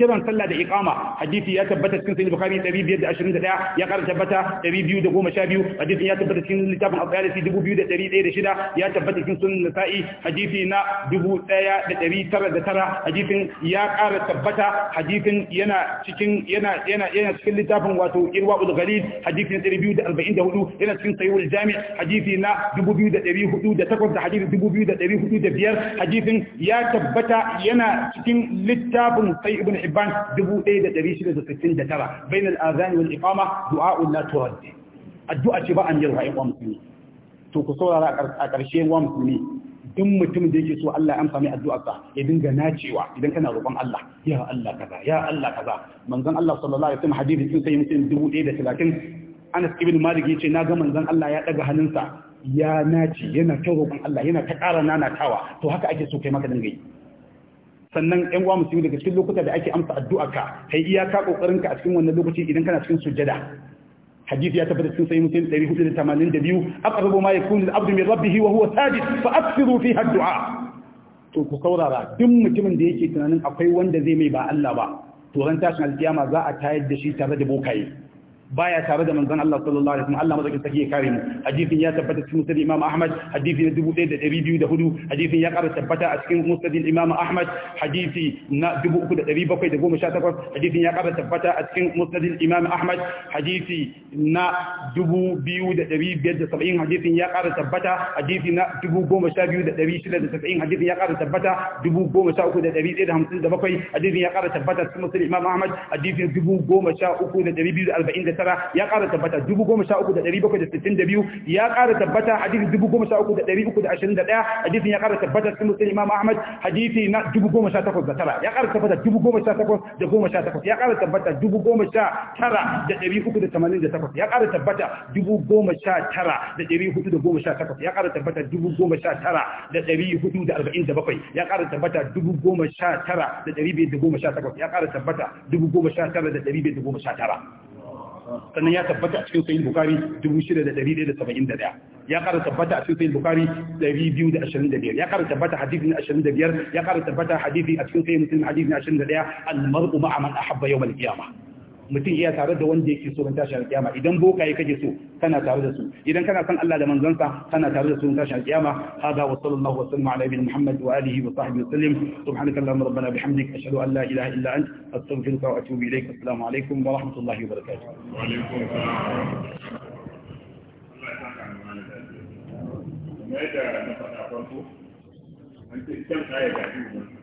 kiran sallah da iqama hadisi ya tabbata cikin sahih bukhari 521 ya kara tabbata 212 hadisi ya tabbata cikin littafin al-bayalisi 2106 ya tabbata cikin sunan nasa'i hadisi na 1909 hadisin ya kara tabbata hadisin yana cikin yana yana yana cikin littafin wato irwaul ghalid hadisi na yana cikin sahihul jami' hadisi na 2408 da hadisi 2405 hadisin ya tabbata yana cikin littafin sai ibn Hibban 1669 bainal azani wal iqama du'a'un la turaddi addu'a ce ba an yarwa ƴan musulmi to ku saurara a ƙarshe wa musulmi duk mutum da yake so Allah ya amsa mai addu'arsa ya dinga nacewa idan kana roƙon Allah ya Allah kaza ya Allah kaza manzon Allah sallallahu alaihi wasallam hadisi sun sai mutum 1030 Anas ibn Malik yace na ga manzon Allah ya ɗaga hannunsa ya naci yana ta roƙon Allah yana ta ƙara nanatawa to haka ake so kai maka dinga yi sannan yan uwa musulmi daga cikin lokuta da ake amsa addu'a ka kai iyaka kokarin ka a cikin wannan lokaci idan kana cikin sujada hadisi ya tabbata cikin sahih muslim 482 aqrabu ma yakunu al-abdu min rabbih wa huwa sajid fa akthiru fiha ad-du'a to ku saurara duk mutumin da yake tunanin akwai wanda zai mai ba Allah ba to ran tashin alkiyama za a tayar da shi tare da bokaye baya tare da manzon Allah sallallahu alaihi wasallam Allah madaukin sarki kare mu hadisin ya tabbata cikin musnad Imam Ahmad hadisi na 1204 hadisin ya ƙara tabbata a cikin musnad Imam Ahmad hadisi na 3718 hadisin ya ƙara tabbata a cikin musnad Imam Ahmad hadisi na 2570 hadisin ya ƙara tabbata hadisi na 12690 hadisin ya ƙara tabbata 13157 hadisin ya ƙara tabbata cikin musnad Imam Ahmad hadisi 13247 tara ya ƙara tabbata dubu goma sha uku da ɗari da sittin da biyu ya ƙara tabbata hadisi dubu goma sha uku da ɗari uku da ashirin da ɗaya hadisin ya ƙara tabbata cikin musulun imam ahmad hadisi na dubu goma sha takwas da tara ya ƙara tabbata dubu goma sha takwas da goma sha takwas ya ƙara tabbata dubu goma sha tara da ɗari uku da tamanin da takwas ya ƙara tabbata dubu goma sha tara da ɗari da goma sha takwas ya ƙara tabbata dubu goma sha tara da ɗari da arba'in da bakwai ya ƙara tabbata dubu goma sha tara da ɗari ya ƙara tabbata sannan ya tabbata a cikin sahih bukhari 6171 ya kara tabbata a cikin sahih bukhari 225 ya kara tabbata hadisi na 25 ya kara tabbata hadithi a cikin sahih muslim hadisi na 21 al mar'u ma'a man ahabba yawm al qiyamah mutum iya tare da wanda yake so ran a alkiyama idan bokaye kake so kana tare da su idan kana san Allah da manzansa kana tare da su ran tashi alkiyama hada wa sallallahu wa ala nabiyina muhammad wa alihi wa sahbihi wa sallam subhanakallahumma rabbana bihamdik ashhadu an la ilaha illa ant astaghfiruka wa atubu ilaik assalamu alaikum wa rahmatullahi wa barakatuh wa alaikum assalam mai da na faɗa farko an ce kyan kaya ga